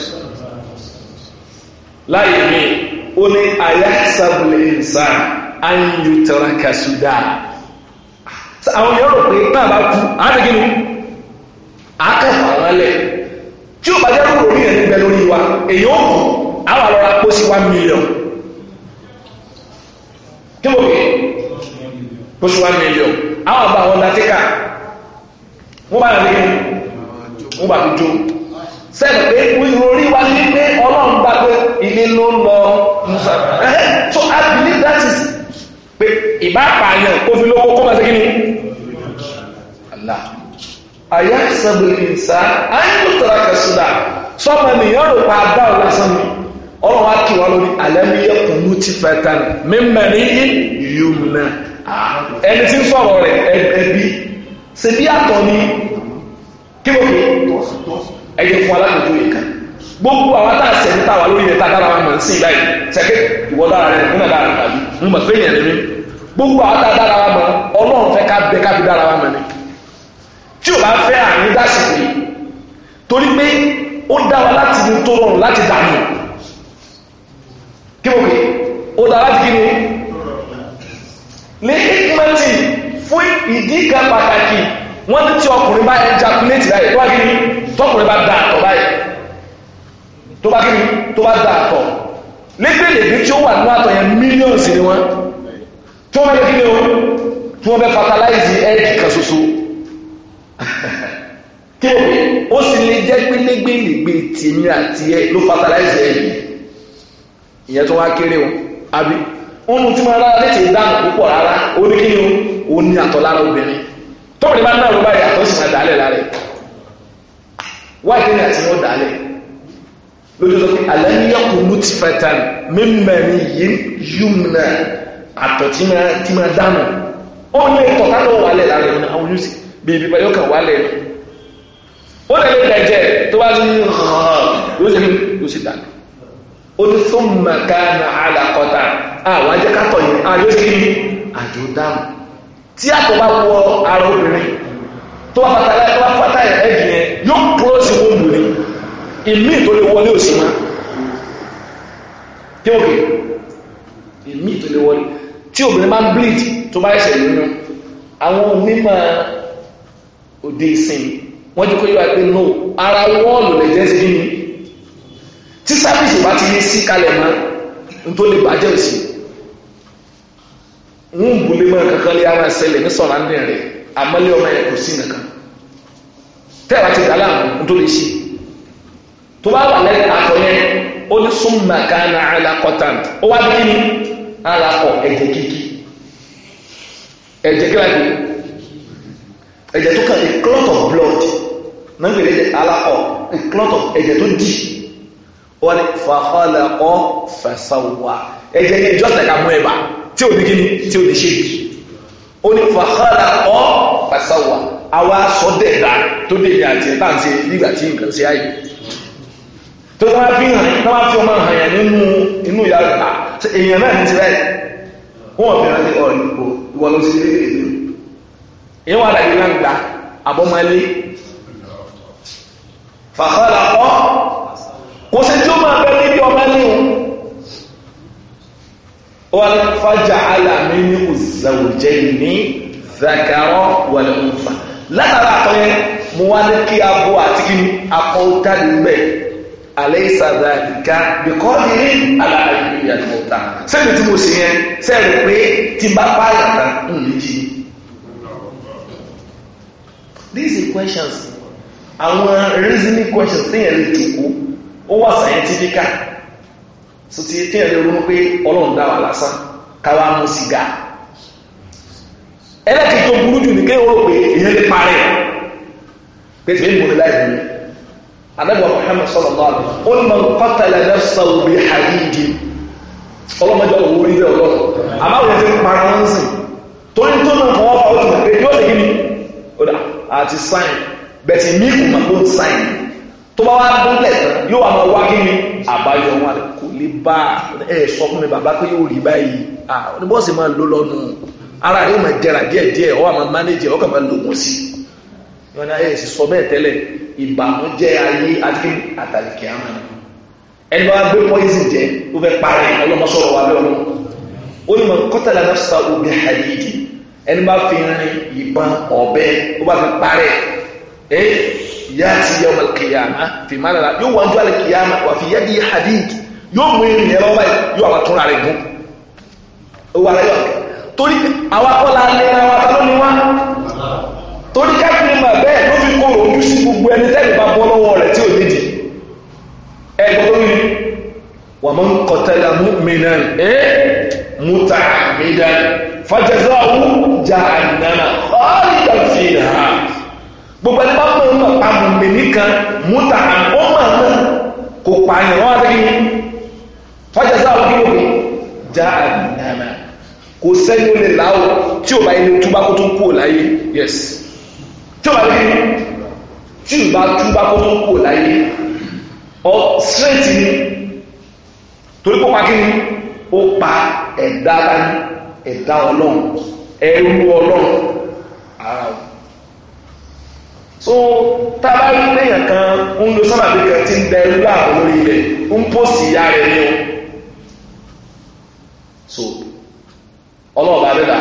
láyé mi ó ní ayásàbùlẹ̀ ìsàn ayùtara kasuda àwọn yóò rò pé tá a bá kú àá tí ó bàjẹ́ kúrò ní ẹ̀yìn bẹ lórí wa èyí ó kù àwọn àlọ́ra kó sí one million kí mo kè kó sí one million àwọn àbá àwọn nàtíkà wọ́n bá rí wọ́n bá so I believe that is pé ìbá pààyàn kó fi lóko kó máa ṣe kí ni àyàsọ̀bù ìsá àyàtọ̀rọ̀kà sùdà sọ́mọ nìyẹn rò pa adá ọ̀ lásán ni ọ̀rọ̀ wa kì wọ́n lórí àlẹ́mú yẹ kùnú ti fẹ́ tán mímẹ́ ní yìí ẹni tí ń sọ̀rọ̀ rẹ̀ ẹbí ṣèbí àtọ̀ ni kí ló fi ẹ̀yẹ fún alákòókò yìí kan gbogbo àwọn tá a sẹ̀ ń tàwa lórí ẹ̀ta dára wa máa ń sìn báyìí sẹ́kẹ́ ìwọ dára rẹ̀ nínú dára rẹ̀ tàbí ń mọ̀ fẹ́yìn ẹ̀rẹ́ mi gbogbo àwọn tá a dára wa mọ̀ ọlọ́run fẹ́ ká bẹ ká fi dára wa mọ̀ ni tí ò bá fẹ́ àmì dásìkò yìí torí pé ó dá wa láti ní tó rọrùn láti dànù kí mo pè ó dá láti kí ni lè hikmati fún ìdí kan pàtàkì wọ́n ní tí ọkùnrin bá ejaculate láyé tó bá kí ni tọkùnrin bá dá àtọ̀ báyìí tó bá kí ni tó bá dá àtọ̀ lébèlébé tí ó wà nínú àtọ̀ yẹn mílíọ̀nù sí ni wọ́n tí wọ́n bẹ kí ni o tí wọ́n bẹ fertilize egg kan ṣoṣo kí ó sì lè jẹ́ pé légbèlégbè tèmi àti ẹ ló fatalize ẹ yìí ìyẹn tó wá kéré o àbí ohun tí wọn lára létí ìdáhùn púpọ̀ rárá ó ní kí ni ó ní àtọ̀ lára obìnrin tọ́wọ́n ní bá náà ló bá yàtọ̀ sì máa dálẹ̀ lára ẹ̀ wá ìdílé àti wọn dálẹ̀ lójú sọ pé alẹ́ níyàkùn lùtìfẹ́tàn mímẹ́rin yìí yúmùnà àtọ̀ tí máa dánù ó ní ìtọ̀ ká ló lára ẹ̀ àwọn yóò sì bíi bíbá yóò kàn wálẹ̀ ni ó lè lè jẹ tó bá ti ń hàn yóò ṣe yóò ṣe dànù ó ní fún màkánà àlàkọta àwọn ajẹ́kátọ̀ yìí àjọ kí ni àjò dáàmú tí àtọ̀ bá wọ ara obìnrin tó bá pátá ẹ̀ tó bá pátá ẹ̀ ẹ̀jì yẹn yóò kúrò sí gbòǹgbò ni ìmí tó lè wọlé òsì máa kí ó kè ìmí tó lè wọlé tí obìnrin máa ń bleed tó bá ẹsẹ̀ nínú àwọn onímọ̀ òde ìsinmi wọ́n jẹ́ kó yíwa pé no ara wọ́ọ̀lù lẹ́jẹ́ sí ní tí sáfíìsì bá ti ní sí kalẹ ma n lè bàjẹ́ òsì ń gbúlé kankan ara ní sọ̀rọ̀ndìn rẹ àmọ́lé ọmọ ẹ̀ kò sí nìkan ti dà láàmú tó bá wà ó ní súnmà ẹ̀jẹ̀ tó kàn a clot of blood náà gbèrè ẹ̀jẹ̀ alákọ̀ a clot of ẹ̀jẹ̀ tó dì wọ́n ni fàfàlẹ̀kọ́ fẹ̀sàwà ẹ̀jẹ̀ ní just like amú ẹ̀bà tí ò ní kí ni tí ò ní ṣe ó ní fàfàlẹ̀kọ́ fẹ̀sàwà àwa sọ dẹ̀dá tó dèmi àti ẹ̀ta àti nígbà tí nǹkan ṣe àyè tó tọ́ fi hàn tó wá fi ọmọ hàn yẹn nínú inú ìyá rẹ̀ èèyàn náà ní tirẹ̀ wọ́n fi hàn sí ọ̀rẹ́ ìwọ ló sì rí èyí wà láti náà gbà àbọ̀mọ́lé fàkọ́lá kọ́ kò sí tí ó máa bẹ níbi ọmọ léwu wọ́n fàjà alàmì ní òzàwùjẹ́ ní zakarọ́ wal unfa látara àtọ́yẹ mo wá ní kí abo àti kí ni akọ́ jáde mbẹ́ alaysa dhalika biqadiri ala an yuhyil mauta sẹ́ni tí mo sì yẹn sẹ́ni pé tí bá kan ń lè jí these are questions àwọn reasoning questions téèyàn lè jòkó ó wà scientific so ti téèyàn lè ronú pé ọlọ́run dá wa lásán káwa mú sìgá ẹlẹ́kìí tó burú jù ní kéwòn rò pé èyí lè parẹ́ pé tèmi ń bọ̀lẹ̀ láì bọ̀lẹ̀ anábìwá Muhammad sallallahu alaihi wasallam ó ní man qatala nafsan bi hadid ọlọ́mọdé ọ̀hún orí bẹ́ẹ̀ ọlọ́run àbáwọ̀ yẹn ti ń parẹ́ wọn sìn tó ń tó náà fọwọ́ fà ó ti mọ̀ pé yóò lè kí ni ó dà àti sign bẹ̀tì mí kò máa ló sign tó bá wá dúnlẹ̀ tán yóò wá máa wá kí ni àbáyọ wọn kò lè bá ẹ sọ fún mi bàbá pé yóò rí báyìí ah oníbọ̀sì máa ló lọ́nu ara rẹ̀ máa jẹrà díẹ̀díẹ̀ ọ̀ máa manage ọ̀ kà máa lògùn sí i wọn náà ẹ̀ sì sọ bẹ́ẹ̀ tẹ́lẹ̀ ìbànújẹ́ ayé àti àtàlìkẹ́ àmọ́ ẹni bá gbé poison jẹ ó fẹ́ parí ọlọ́mọsọ̀rọ̀ wa lọ́wọ́ ó ní mọ̀ kọ́tàlá náà sọ ẹni bá fi rin ìbọn ọ̀bẹ ó bá fi parẹ́ ẹ ìyá àti ìyá ọmọ kìyàmá fi má lára yóò wájú àlẹ kìyàmá wà fi yẹ́dí hadid yóò mú irin yẹn lọ́wọ́ báyìí yóò àwọn tún rárẹ̀ gún ó wà láyọ̀ torí àwọn akọ́lá lẹ́yìn àwọn akọ́lọ́ ni wá torí káàkiri mà bẹ́ẹ̀ ló fi kó òun sí gbogbo ẹni tẹ́lẹ̀ bọ́ lọ́wọ́ rẹ̀ tí ò nídìí ẹ̀gbọ́n tó ń ومن قتل مؤمنا إيه؟ متعمدا فجزاؤه جهنم خالدا فيها gbogbo ẹni bá mọ̀ nípa pàmùmí nìkan múta àgbọ́mọ̀ náà kò pààyàn wọ́n adé yìí fọ́jàsá àwọn kí lóògùn já àdìyàmà kò sẹ́ni ó lè láwọ̀ tí ò bá ilé túbá kó tún kúrò láyé yes tí ò bá lè tí ò bá túbá kó tún kúrò láyé ọ straight ni torí kó pa kí ni ó pa ẹ̀dá láyé ẹ̀dá ọlọ́run ẹrú ọlọ́run ara o so tábà rí lẹ́yìn kan ń lo sábàbí kan tí ń da ẹrú àwọn orí rẹ̀ ń pòsì ìyá rẹ̀ ni o so ọlọ́ọ̀bá rẹ̀dà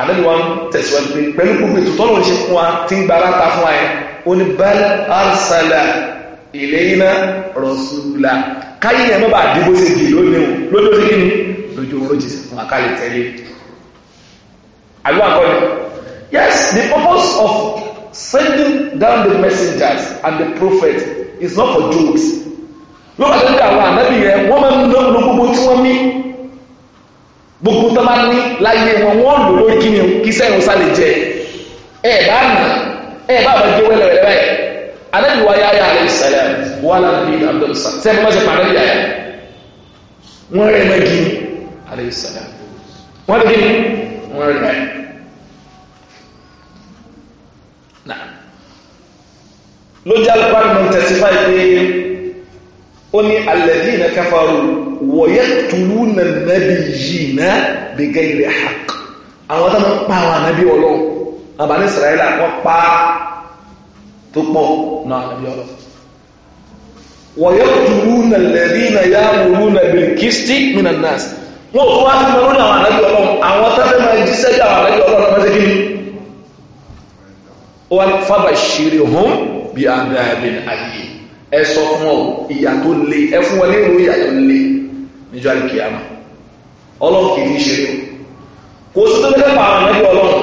àdẹ́lù wa ń tẹ̀síwájú pé pẹ̀lú gbogbo ètò tọ́lọ̀ ń ṣe fún wa tí ń gba aláta fún wa yẹn ó ní bal arsala ilayna rasula káyé yẹn mọ́bà àdìbò sí di lónìí o lójó sí kíni fún àkáyè tẹ́lé àlúwà yes the purpose of sending down the messengers and the prophets is not for jokes ló bá sẹ́ńdà àwọn ànábì yẹn wọ́n máa ń lọ gbogbo tí wọ́n ní gbogbo tó bá ní láyé wọn wọ́n lò lórí kíni kí sẹ́yìn sá jẹ ẹ̀ bá nà ẹ̀ bá bá jẹ́ wẹ́lẹ̀wẹ́lẹ́ báyìí anabi wa yaya alayhi salam wala bin abdul salam sẹ́yìn mọ́sẹ̀ fún anabi yaya wọ́n rẹ̀ mọ́ gini alayhi salam wọ́n rẹ̀ gini wọ́n rẹ̀ mọ́ na lójú alukpari mọ̀ tẹ̀sífà yìí pé ó ní alladhina kafaru wa yaqtuluna nabiyyina bighayri haqq àwọn tó máa ń pa àwọn anabi ọlọ́wọ́ àbáni Israẹli wọ́n pa tó pọ̀ náà àlàbí ọ̀rọ̀ wọ̀yọ́ tùrú nà lẹ́bí nà yá wùrú nà bìrì kìstì mìnà nàás wọ́n tó wá fún ọlọ́run àwọn àlàbí ọlọ́run àwọn tábẹ́ máa jí sẹ́jà àwọn àlàbí ọlọ́run máa ṣe ni ó fábà ṣeré hàn bí abẹ́abẹ́ ayé ẹ sọ fún ọ ìyà tó le ẹ fún wọn nínú ìyà tó le níjọ́ àlùkìyàmà ọlọ́run kì í ṣeré kò sí tó fẹ́ fà àwọn àlàbí ọlọ́run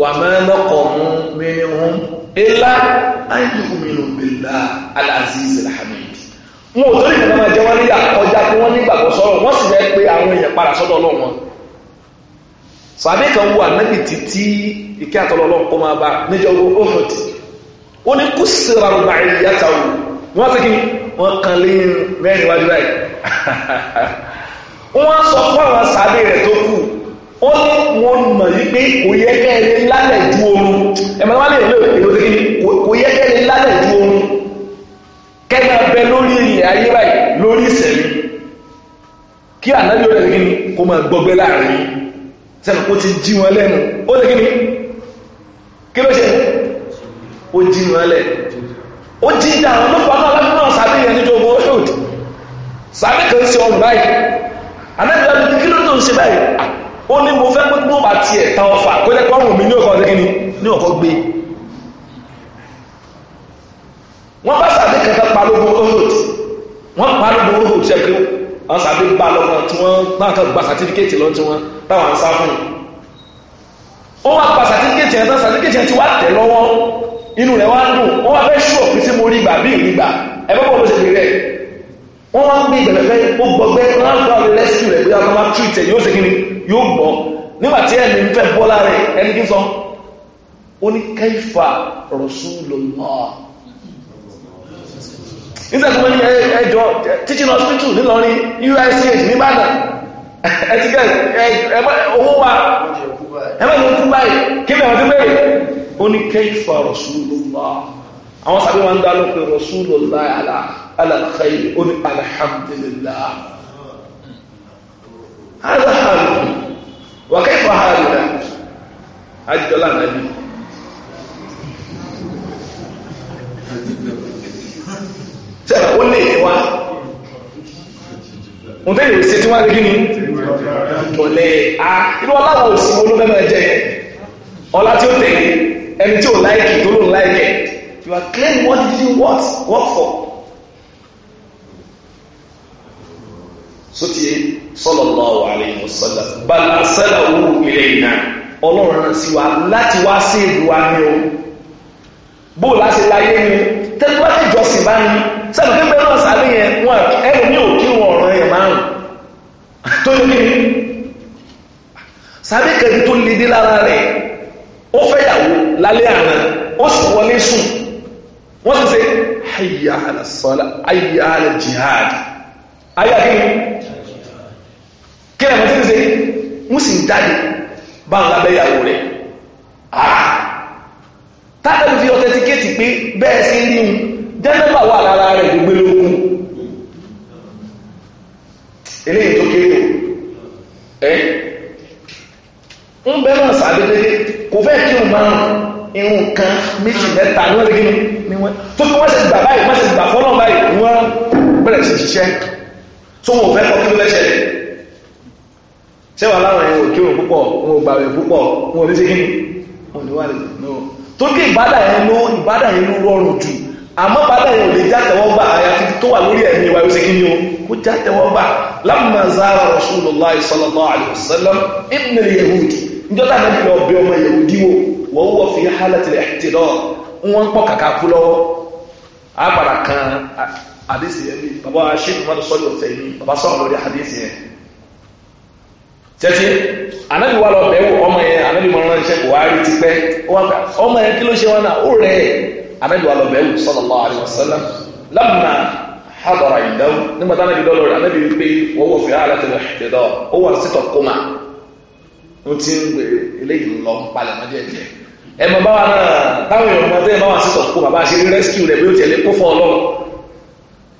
wà mẹ́rin lọ́kọ̀ọ́ mú ilá ayélujára bèlà alaziz alhamid wọn ò torí ìgbàlá máa jẹ wọn níyà kọjá kí wọn nígbàgbọ́ sọ̀rọ̀ wọn sì fẹ́ pé àwọn èèyàn padà sọ́dọ̀ Ọlọ́run sàbí kan wo ànábì títí ìkẹ́ àtọlọlọ kó máa bá níjọ wo ohud ó ní kó sèrà ọgbà ìyàtà wò wọn ti kí wọn kan lẹ́yìn mẹ́rin wájú báyìí wọn sọ fún àwọn sàbí rẹ tó kù ó ní mo mọ̀ wípé kò yẹ kẹ́rin lálẹ̀ ju oorun ẹ̀mọ́tàmá lè lè èrò tó kí kò yẹ kẹ́rin lálẹ̀ ju oorun kẹ́rin abẹ lórí ilẹ̀ ayé báyìí lórí ìṣẹ̀lẹ̀ kí ànábì ó lè kí ni kó máa gbọgbẹ́ láàrin sẹ́nu kó ti jí wọn lẹ́nu ó lè kí ni kí ló ṣe ó jí wọn lẹ̀ ó jí dàrú ló fọ́ náà lábẹ́ náà sábẹ́ yẹn níjọ́ owó ṣòd sábẹ́ kan ń ṣe báyìí ó ní mo fẹ́ pé bí wọ́n bá tiẹ̀ tan ọfà kó jẹ́ pọ́nrún mi ní ọkọ̀ ọdún kínní ní ọkọ̀ gbé wọ́n bá sàdé kankan palógun ohud wọ́n palógun ohud ṣẹ́kẹ́ wọ́n sàdé gbà lọ́wọ́ tí wọ́n náà kan gba sàtífíkẹ́tì lọ tí wọ́n táwọn sá fún un ó wá gba sàtífíkẹ́tì ẹ̀ náà sàtífíkẹ́tì ẹ̀ ti wá tẹ̀ lọ́wọ́ inú rẹ̀ wá dùn wọ́n wá fẹ́ ṣùọ̀ pé tí mo rí gbà bí ìrí gbà wọ́n wá ń gbé ìgbẹ̀lẹ̀fẹ́ ó gbọgbẹ́ ráńkà rẹ́sìkì rẹ̀ bí wọ́n máa treat ẹ̀ yóò ṣe kí ni yóò gbọ́ nígbàtí ẹni ń fẹ́ bọ́ lára ẹ̀ ẹni kí n sọ ó ní kẹfà Rasulullah nígbàtí ẹjọ́ teaching hospital nílọrin UICH nìbàdàn ẹtí gẹ̀ owó wa ẹgbẹ́ ló kú báyìí kí ni àwọn tó bẹ̀rẹ̀ ó ní kẹfà Rasulullah àwọn sábẹ́ máa ń dá lóko Rasulullah ala alàkàyè ó ní alhamdulillah alhamdulillah wàkẹ́ fàhálà àjọlá nàbí. sẹ o lè wa mo tẹ́lẹ̀ ìrèsí tí wọ́n á gíní tọ̀lẹ̀ a irú ọláwọ̀ òsì olóbẹ́mọ̀ ẹ̀jẹ̀ ọlá tí ó tẹ̀lé ẹni tí ò láìkì tó lòun láìkì You are claiming what you you what? Work for? So ti sallallahu alayhi wa sallam. Bàlá sẹ́làwù ilayna. Ọlọ́run náà sí wa láti wá sí ìlú wa ní o. Bó láti láyé ni tẹ́tí wá sí ìjọsìn bá ní. Sẹ́nu pé bẹ́ẹ̀ náà sáré yẹn wọn ẹ̀rù ní òkè wọn ọ̀ràn yẹn márùn-ún. Tó yẹ kí sáré kẹ́ni tó le dé lára rẹ̀ ó fẹ́yàwó lálẹ́ àná ó sì wọlé sùn wọ́n ti ṣe hayya ala sọ́lá hayya ala jihad ayé akéwì kí ẹ̀mọ́ ti ṣe wọ́n sì ń jáde bá ń lábẹ́ ìyàwó rẹ̀ tábẹ́lú fi ọtẹ́tíkéètì pé bẹ́ẹ̀ sí inú jẹ́nẹ́bà wà lára rẹ̀ gbogbo lókun eléyìí tó kéré ẹ́ ń bẹ́ẹ̀ náà sàbẹ́dẹ́dẹ́ kò fẹ́ kí o máa irun kan méjì mẹ́ta ní ni wọ́n tó fi wọ́n ṣe gbà báyìí wọ́n ṣe gbà fọ́nà báyìí wọ́n bẹ̀rẹ̀ sí ṣiṣẹ́ tó wọn fẹ́ kọ́ kí ló láwọn ẹ̀yìn òkèrò púpọ̀ wọn ò gbàwẹ̀ púpọ̀ wọn ò ní sí kí wọn ni wà lè nù tó kí ìbádà yẹn ló ìbádà yẹn ló rọrùn jù àmọ́ yẹn ò lè tó wà lórí ẹ̀mí o kó yehudi wọn ń pọ̀ kàkà kú lọ́wọ́ àpàrà kan àdìsí yẹn bíi bàbá aṣèlú mọ́tò sọ́lé ọ̀tẹ̀ yìí bàbá sọ̀rọ̀ lórí àdìsí yẹn. tẹ́tí wà lọ bẹ́ẹ̀ ọmọ yẹn anábì mọ̀ buhari ti pẹ́ ọmọ yẹn kí ló ṣe wọn náà ó rẹ̀ anábì wà lọ bẹ́ẹ̀ ìdáwó nígbà tí dọ́lọ́rẹ̀ pé wọ́n ìdọ́ ó wà sítọ̀ kọ́mà ó ti ń gbé eléyìí lọ ẹ mọ báwa náà táwọn èèyàn ọmọ tẹ́lẹ̀ báwa sísọ̀ kó bàbá ṣe rẹ́síkìú rẹ̀ bí ó tẹ̀lé kó fọ́ ọlọ́run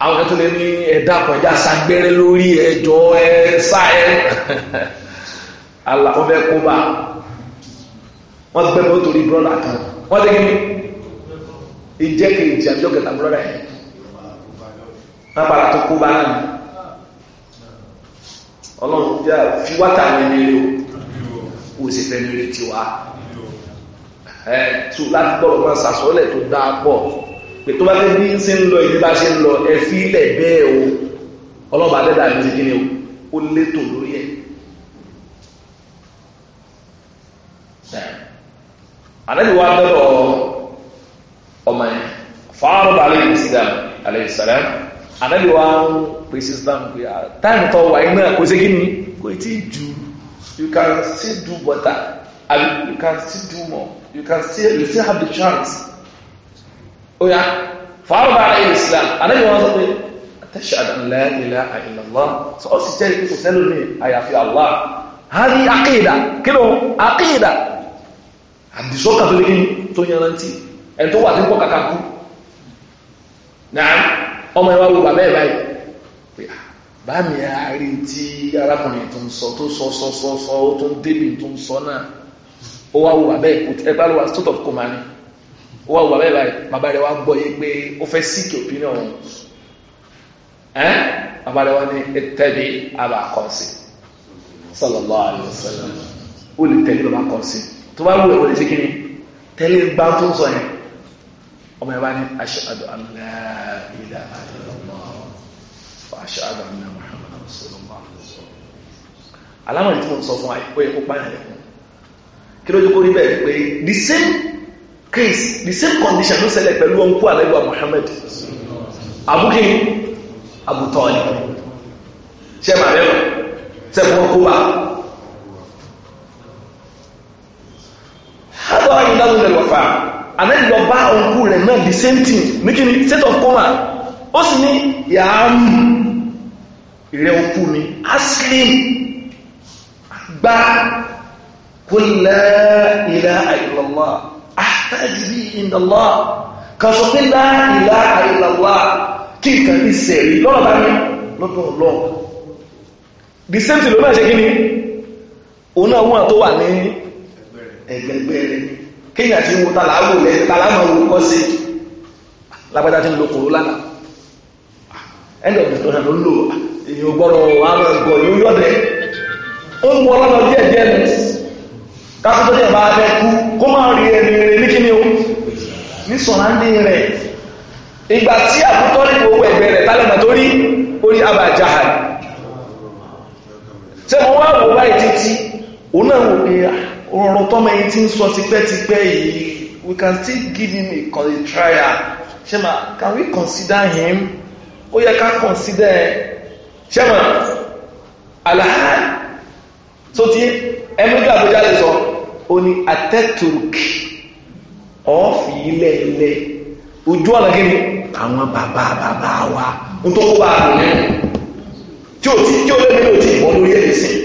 àwọn ẹ̀ tó lè ní ẹ̀dá pẹ̀já sagbẹ́rẹ́ lórí ẹjọ́ ẹ sá ẹ àlà ọbẹ̀ kó bá wọ́n ti bẹ́ẹ̀ torí brọ́dà kan wọ́n ti kí ni ìjẹ́ kejì àjọ kẹta brọ́dà yẹn wọ́n padà tó kó bá náà ọlọ́run fi wáta ní ilé o sì fẹ́ ní ilé tiwa ẹ tu láti gbọ́dọ̀ máa sàsọ́lẹ̀ tó dáa pọ̀ pé tó bá fẹ́ bí ṣe ń lọ ìdí bá ṣe ń lọ ẹ fi ilẹ̀ bẹ́ẹ̀ o ọlọ́ba adẹ́dà mi ti kíni o ó létò lórí ẹ̀. àdéhùn wa bẹ̀rọ̀ ọmọ yẹn fáwọn ọba aleyhi sídà aleyhi sàlẹ̀ àdéhùn wa ń pèsè sídàm pé táyà tó wà iná kò sí kíni kò tí ì ju you can still do better. And you can still do more. You can still you still have the chance. Oh yeah. فعرض عليه الإسلام أنا يواظب تشهد أن لا إله إلا الله سأسجل تسلني أي في الله هذه عقيدة كده عقيدة عندي شوكة في الإن توني أنتي أنتوا وقتين بوكا كاكو نعم ọmọ ìwà wùgbà bẹ́ẹ̀ báyìí ah, bá mi àárín tí arákùnrin tó ń sọ tó sọ sọ sọ sọ ó tó ń débi tó ń sọ náà ó wá wùwà bẹ́ẹ̀ ẹgbẹ́ ló wà sort of kò máa ní ó wá wùwà bẹ́ẹ̀ báyìí bàbá rẹ̀ wá gbọ́ yé pé ó fẹ́ seek opinion wọn ẹ́n bàbá rẹ̀ wá ní tẹ́bi àbá kọ́ọ̀sì sallallahu alaihi wasallam ó lè tẹ̀lé bàbá kọ́ọ̀sì tó bá wù ẹ̀ wọ́n lè ṣe tó ń sọ yẹn ọmọ yẹn bá ní ashhadu an alámọ̀ ìtumọ̀ sọ fún wa ó yẹ kí ló dé kó rí bẹ́ẹ̀ pé the same case the same condition ló ṣẹlẹ̀ pẹ̀lú ọ̀nkú àlẹ́gbà Muhammad abukin abutọ́ọ̀lì ṣe máa bẹ́ẹ̀ ṣe fún ọkọ̀ wa. Hábọ̀ ìlànà ìlẹ̀wọ̀fà ànáyìn lọ bá ọ̀nkú rẹ̀ náà the same thing níkíni state of coma ó sì ní yàá mú ìrẹ́ òkú mi aslim gba قل لا إله إلا الله أحتاج به عند الله كشوف لا إله إلا الله تلك السيري لا لا لا kásìtò jẹ́ bá fẹ́ kú kó máa rí ẹni rẹ̀ ní kíni o ní sọ̀ráńdì rẹ̀ ìgbà tí àkútọ́ nípa owó ẹ̀gbẹ́ rẹ̀ tálẹ̀mọ̀ tó rí orí abàjáhà tí mo wá wò báyìí títí òun náà wò pé ah, ọ̀rọ̀ tọ́mọ yìí ti ń sọ tipẹ́tipẹ́ yìí we can still give him a trial ṣẹ́mà can we consider him ó yẹ ká consider ṣẹ́mà alahai tó ti ẹnu gbàgbọ́jà lè sọ ó ní ataturk ọ̀ọ́fì ilẹ̀ ilẹ̀ ojú ọ̀nà kí ni àwọn bàbá bàbá wa ń tó kó bá a lò lẹ́nu tí ò tí tí ó lé nínú tí ìbọn lórí ẹ̀yìn sìn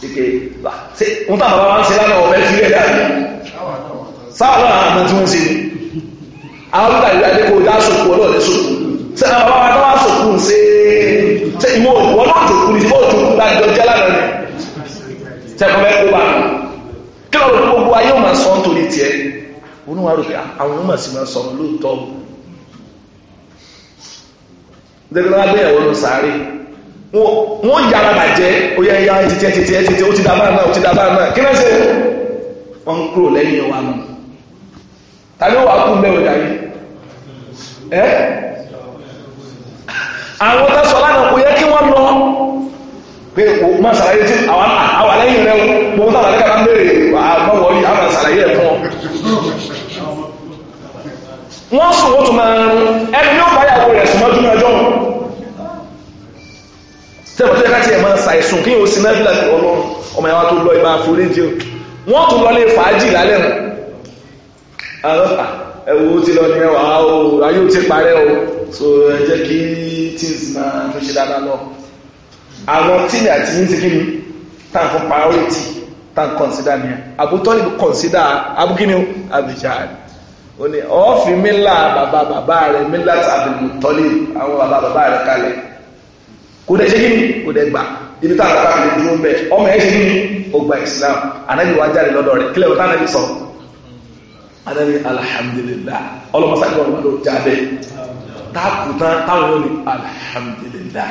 ṣìkè là ṣe ń tà bàbá wa ń ṣe lánàá ọ̀bẹ fi lẹ́dà ní sáà náà àmọ́ tí wọ́n ṣe ni àwọn bàbá ìlú àdékò dá sòkò ọlọ́ọ̀dẹ́ sòkò ṣe àwọn bàbá tó wá sòkò ń ṣe ṣe ìmọ̀ kí lóòrùn gbogbo ayé ò sọ nítorí tiẹ̀ oníwà rò pé àwọn ọmọ lóòótọ́ dẹ́gbẹ́ náà sáré wọ́n yára bàjẹ́ ó yẹ ya títí ẹ títí ẹ ti dá náà ó ti dá náà kí náà ṣe wọ́n ń kúrò lẹ́yìn wa nù kú àwọn tó sọ lánàá kò yẹ kí wọ́n pé kò má ṣàlàyé tí àwọn àlẹ́yìn rẹ̀ mo ń sàlàyé kára ń bèèrè àgbọ̀wọ̀ yìí àwọn àṣàlàyé ẹ̀ fún ọ. wọ́n sùn ó tún máa ń ẹni ní ó bá yàwó rẹ̀ sùn mọ́jú mẹ́jọ́ tẹ́lẹ̀ tó yẹ ká tiẹ̀ máa ṣàìsùn kí yóò sin náà fílà ọlọ́run ọmọ ìyàwó tó lọ ìbá foríjì wọ́n tún lọ lé fàájì lálẹ́ wọn. ẹ̀wù ti lọ ní ẹwà ayé ó ti parẹ́ o so ẹ jẹ́ kí àwọn tí ní àti yín ti kí ni tá n fún priority tá n consider ni àbútọ́lì consider abúkíní abijahari ó ní ọ́ọ̀fì mílà bàbá bàbá rẹ̀ mílà àbìmùtọ́lì àwọn bàbá bàbá rẹ̀ kalẹ̀ kò dẹ̀ ṣe kí ni kò dẹ̀ gbà ibi tá a bàbá mi lè dúró ń bẹ̀ ọmọ ẹ̀ ṣe kí ni ó gba Islam anábì wa jáde lọ́dọ̀ rẹ̀ kílẹ̀ wọ́n tá anábì sọ anábì alhamdulillah ọlọ́mọ sáyẹn ọlọ́mọ ló jáde táàkù tán táwọn yóò ní alhamdulillah.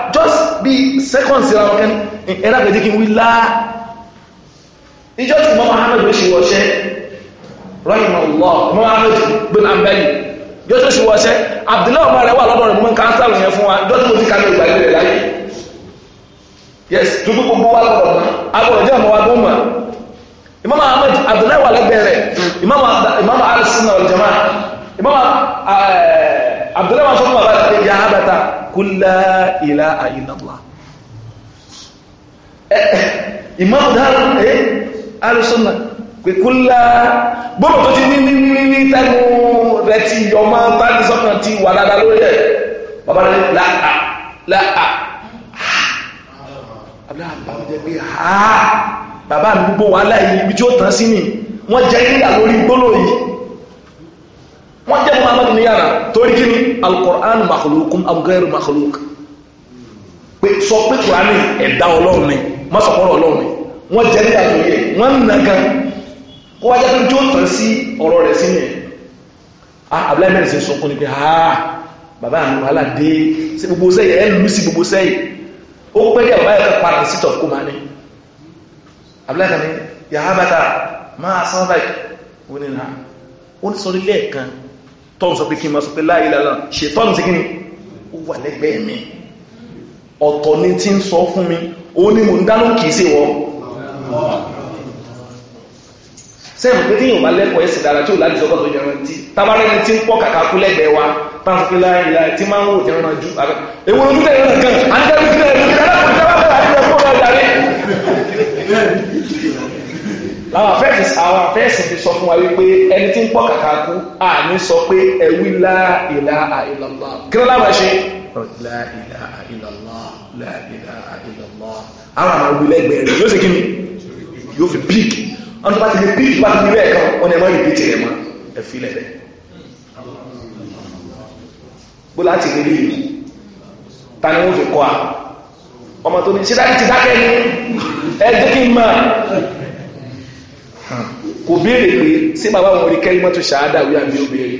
just be second ra ọkẹ ẹ̀rọ àgbẹ̀jẹ́ kí n wí láà ìjọ tí mọ́ Muhammad ló ṣe rahim allah Muhammad bin ambali ìjọ tó ṣe wọ́ṣẹ́ Abdullahi ọmọ wà yẹn fún wa ìjọ mo ti ka yes tuntun gbogbo wa lọ́dọ̀ mọ́ agbọ̀rọ̀ ọmọ Abdullahi wà lẹ́gbẹ̀ẹ́ rẹ̀ Imam al eh, Abdullahi wà sọ́kùn bàbá kúlá ilá àìlàlá Imam Dar eh alusunna pé kúlá gbọ́nà tó ti ní ní ní ní tẹ́nu rẹ̀ ti ọmọ tàbí sọ́kàn ti wà dáadáa lórí ẹ̀ bàbá rẹ̀ láà láà àbúrẹ́ pé ha bàbá mi gbogbo wàhálà yìí ibi tí ó tán sí ni wọ́n jẹ́ nílà lórí gbólóyìí wọ́n jẹ́ muhammad níyàrá torí kí ni alukur'an makhlukum aw ghayru makhluk pé sọ pé kurani ẹ̀dá ọlọ́run ni mọ́sọ̀kọ́rọ̀ ọlọ́run ni wọ́n jẹ́ nígbà tó yẹ wọ́n ń nà gan kó wájá tó ń jó tán sí ọ̀rọ̀ rẹ̀ sí yẹn abúlé mẹ́rin sí sọkún ní pé ha bàbá àwọn wàhálà dé sí gbogbo sẹ́yìn ẹ̀ lù sí gbogbo sẹ́yìn ó pẹ́ dí àbáyọ̀ kan padà sí tọ̀kú máa ní abúlé kan ní yàrá bàtà máa sábà wọnìlà ó ní sọ nílé ẹ̀kan tọ́n sọ pé kí n máa sọ pé láàyè lálá ṣètọ́n sí kí ni ó wà lẹ́gbẹ̀ẹ́ mi ọ̀tọ̀ ni tí ń sọ fún mi ó ní mo ń dáná kì í sí wọ sẹ́yìn pé tíyàn bá lẹ́kọ̀ọ́ ẹ̀sìn dára tí ò láti sọ́kọ́ tó jẹ ẹran tí tabarẹ́ni tí ń pọ̀ kàkà kú lẹ́gbẹ̀ẹ́ wa tá sọ pé láàyè lálá tí máa ń wò jẹ ẹran ju àbẹ ewu ojú tẹ̀ ẹran kan àti tẹ̀lé tẹ̀lé tẹ̀lé tẹ̀lé tẹ̀lé tẹ̀lé tẹ̀lé tẹ̀lé tẹ̀lé làwọn afẹ́sì àwọn afẹ́sì fi sọ fún wa wípé ẹni tí ń pọ̀ kàkà kú àní sọ pé ẹ̀wí la ilaha illallah kíló láwọn ẹ̀ ṣe. la ilaha illallah la ilaha illallah àwọn àwọn òbí lẹ́gbẹ̀ẹ́ rẹ̀ yóò ṣe kí ni yóò fi píìkì wọn tó bá ti di píìkì bá ti di bẹ́ẹ̀ kan wọn ni ẹ má rìn pété rẹ̀ mọ́ ẹ fi lẹ̀ bẹ́ẹ̀. bó láti rí rí yìí ta ni wọ́n fi kọ́ a ọmọ tó ní ṣe dákẹ́ ti dákẹ́ ni ẹ jẹ́ kí n máa kò béèrè pé ṣé bàbá wọn rí kẹ́rí mọ́tò ṣáádà wí àbí ó béèrè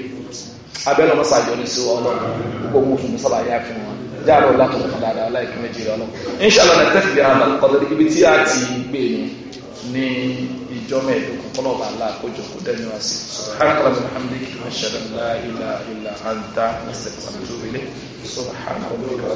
abẹ́lẹ̀ ọmọ sàjọ ní sí ọlọ́run gbogbo owó fún mi sábà yá fún wọn jáàrọ̀ látọ̀ kan dáadáa láìpẹ́ méjì lọ́nà inṣàlọ́ ní tẹ́fì bí ara ọ̀dọ̀ ibi tí a ti gbé ní ìjọ mẹ́ẹ̀ẹ́dógún kọ́nà ọba ńlá àkójọ kó dẹ́nu wá sí akọ̀rọ̀ ní hamdik ìṣẹ̀lẹ̀ ńlá ìlà ìlà àǹtá ẹsẹ̀ pàtó ilé sọ̀rọ̀ hàn ọdún ìgbà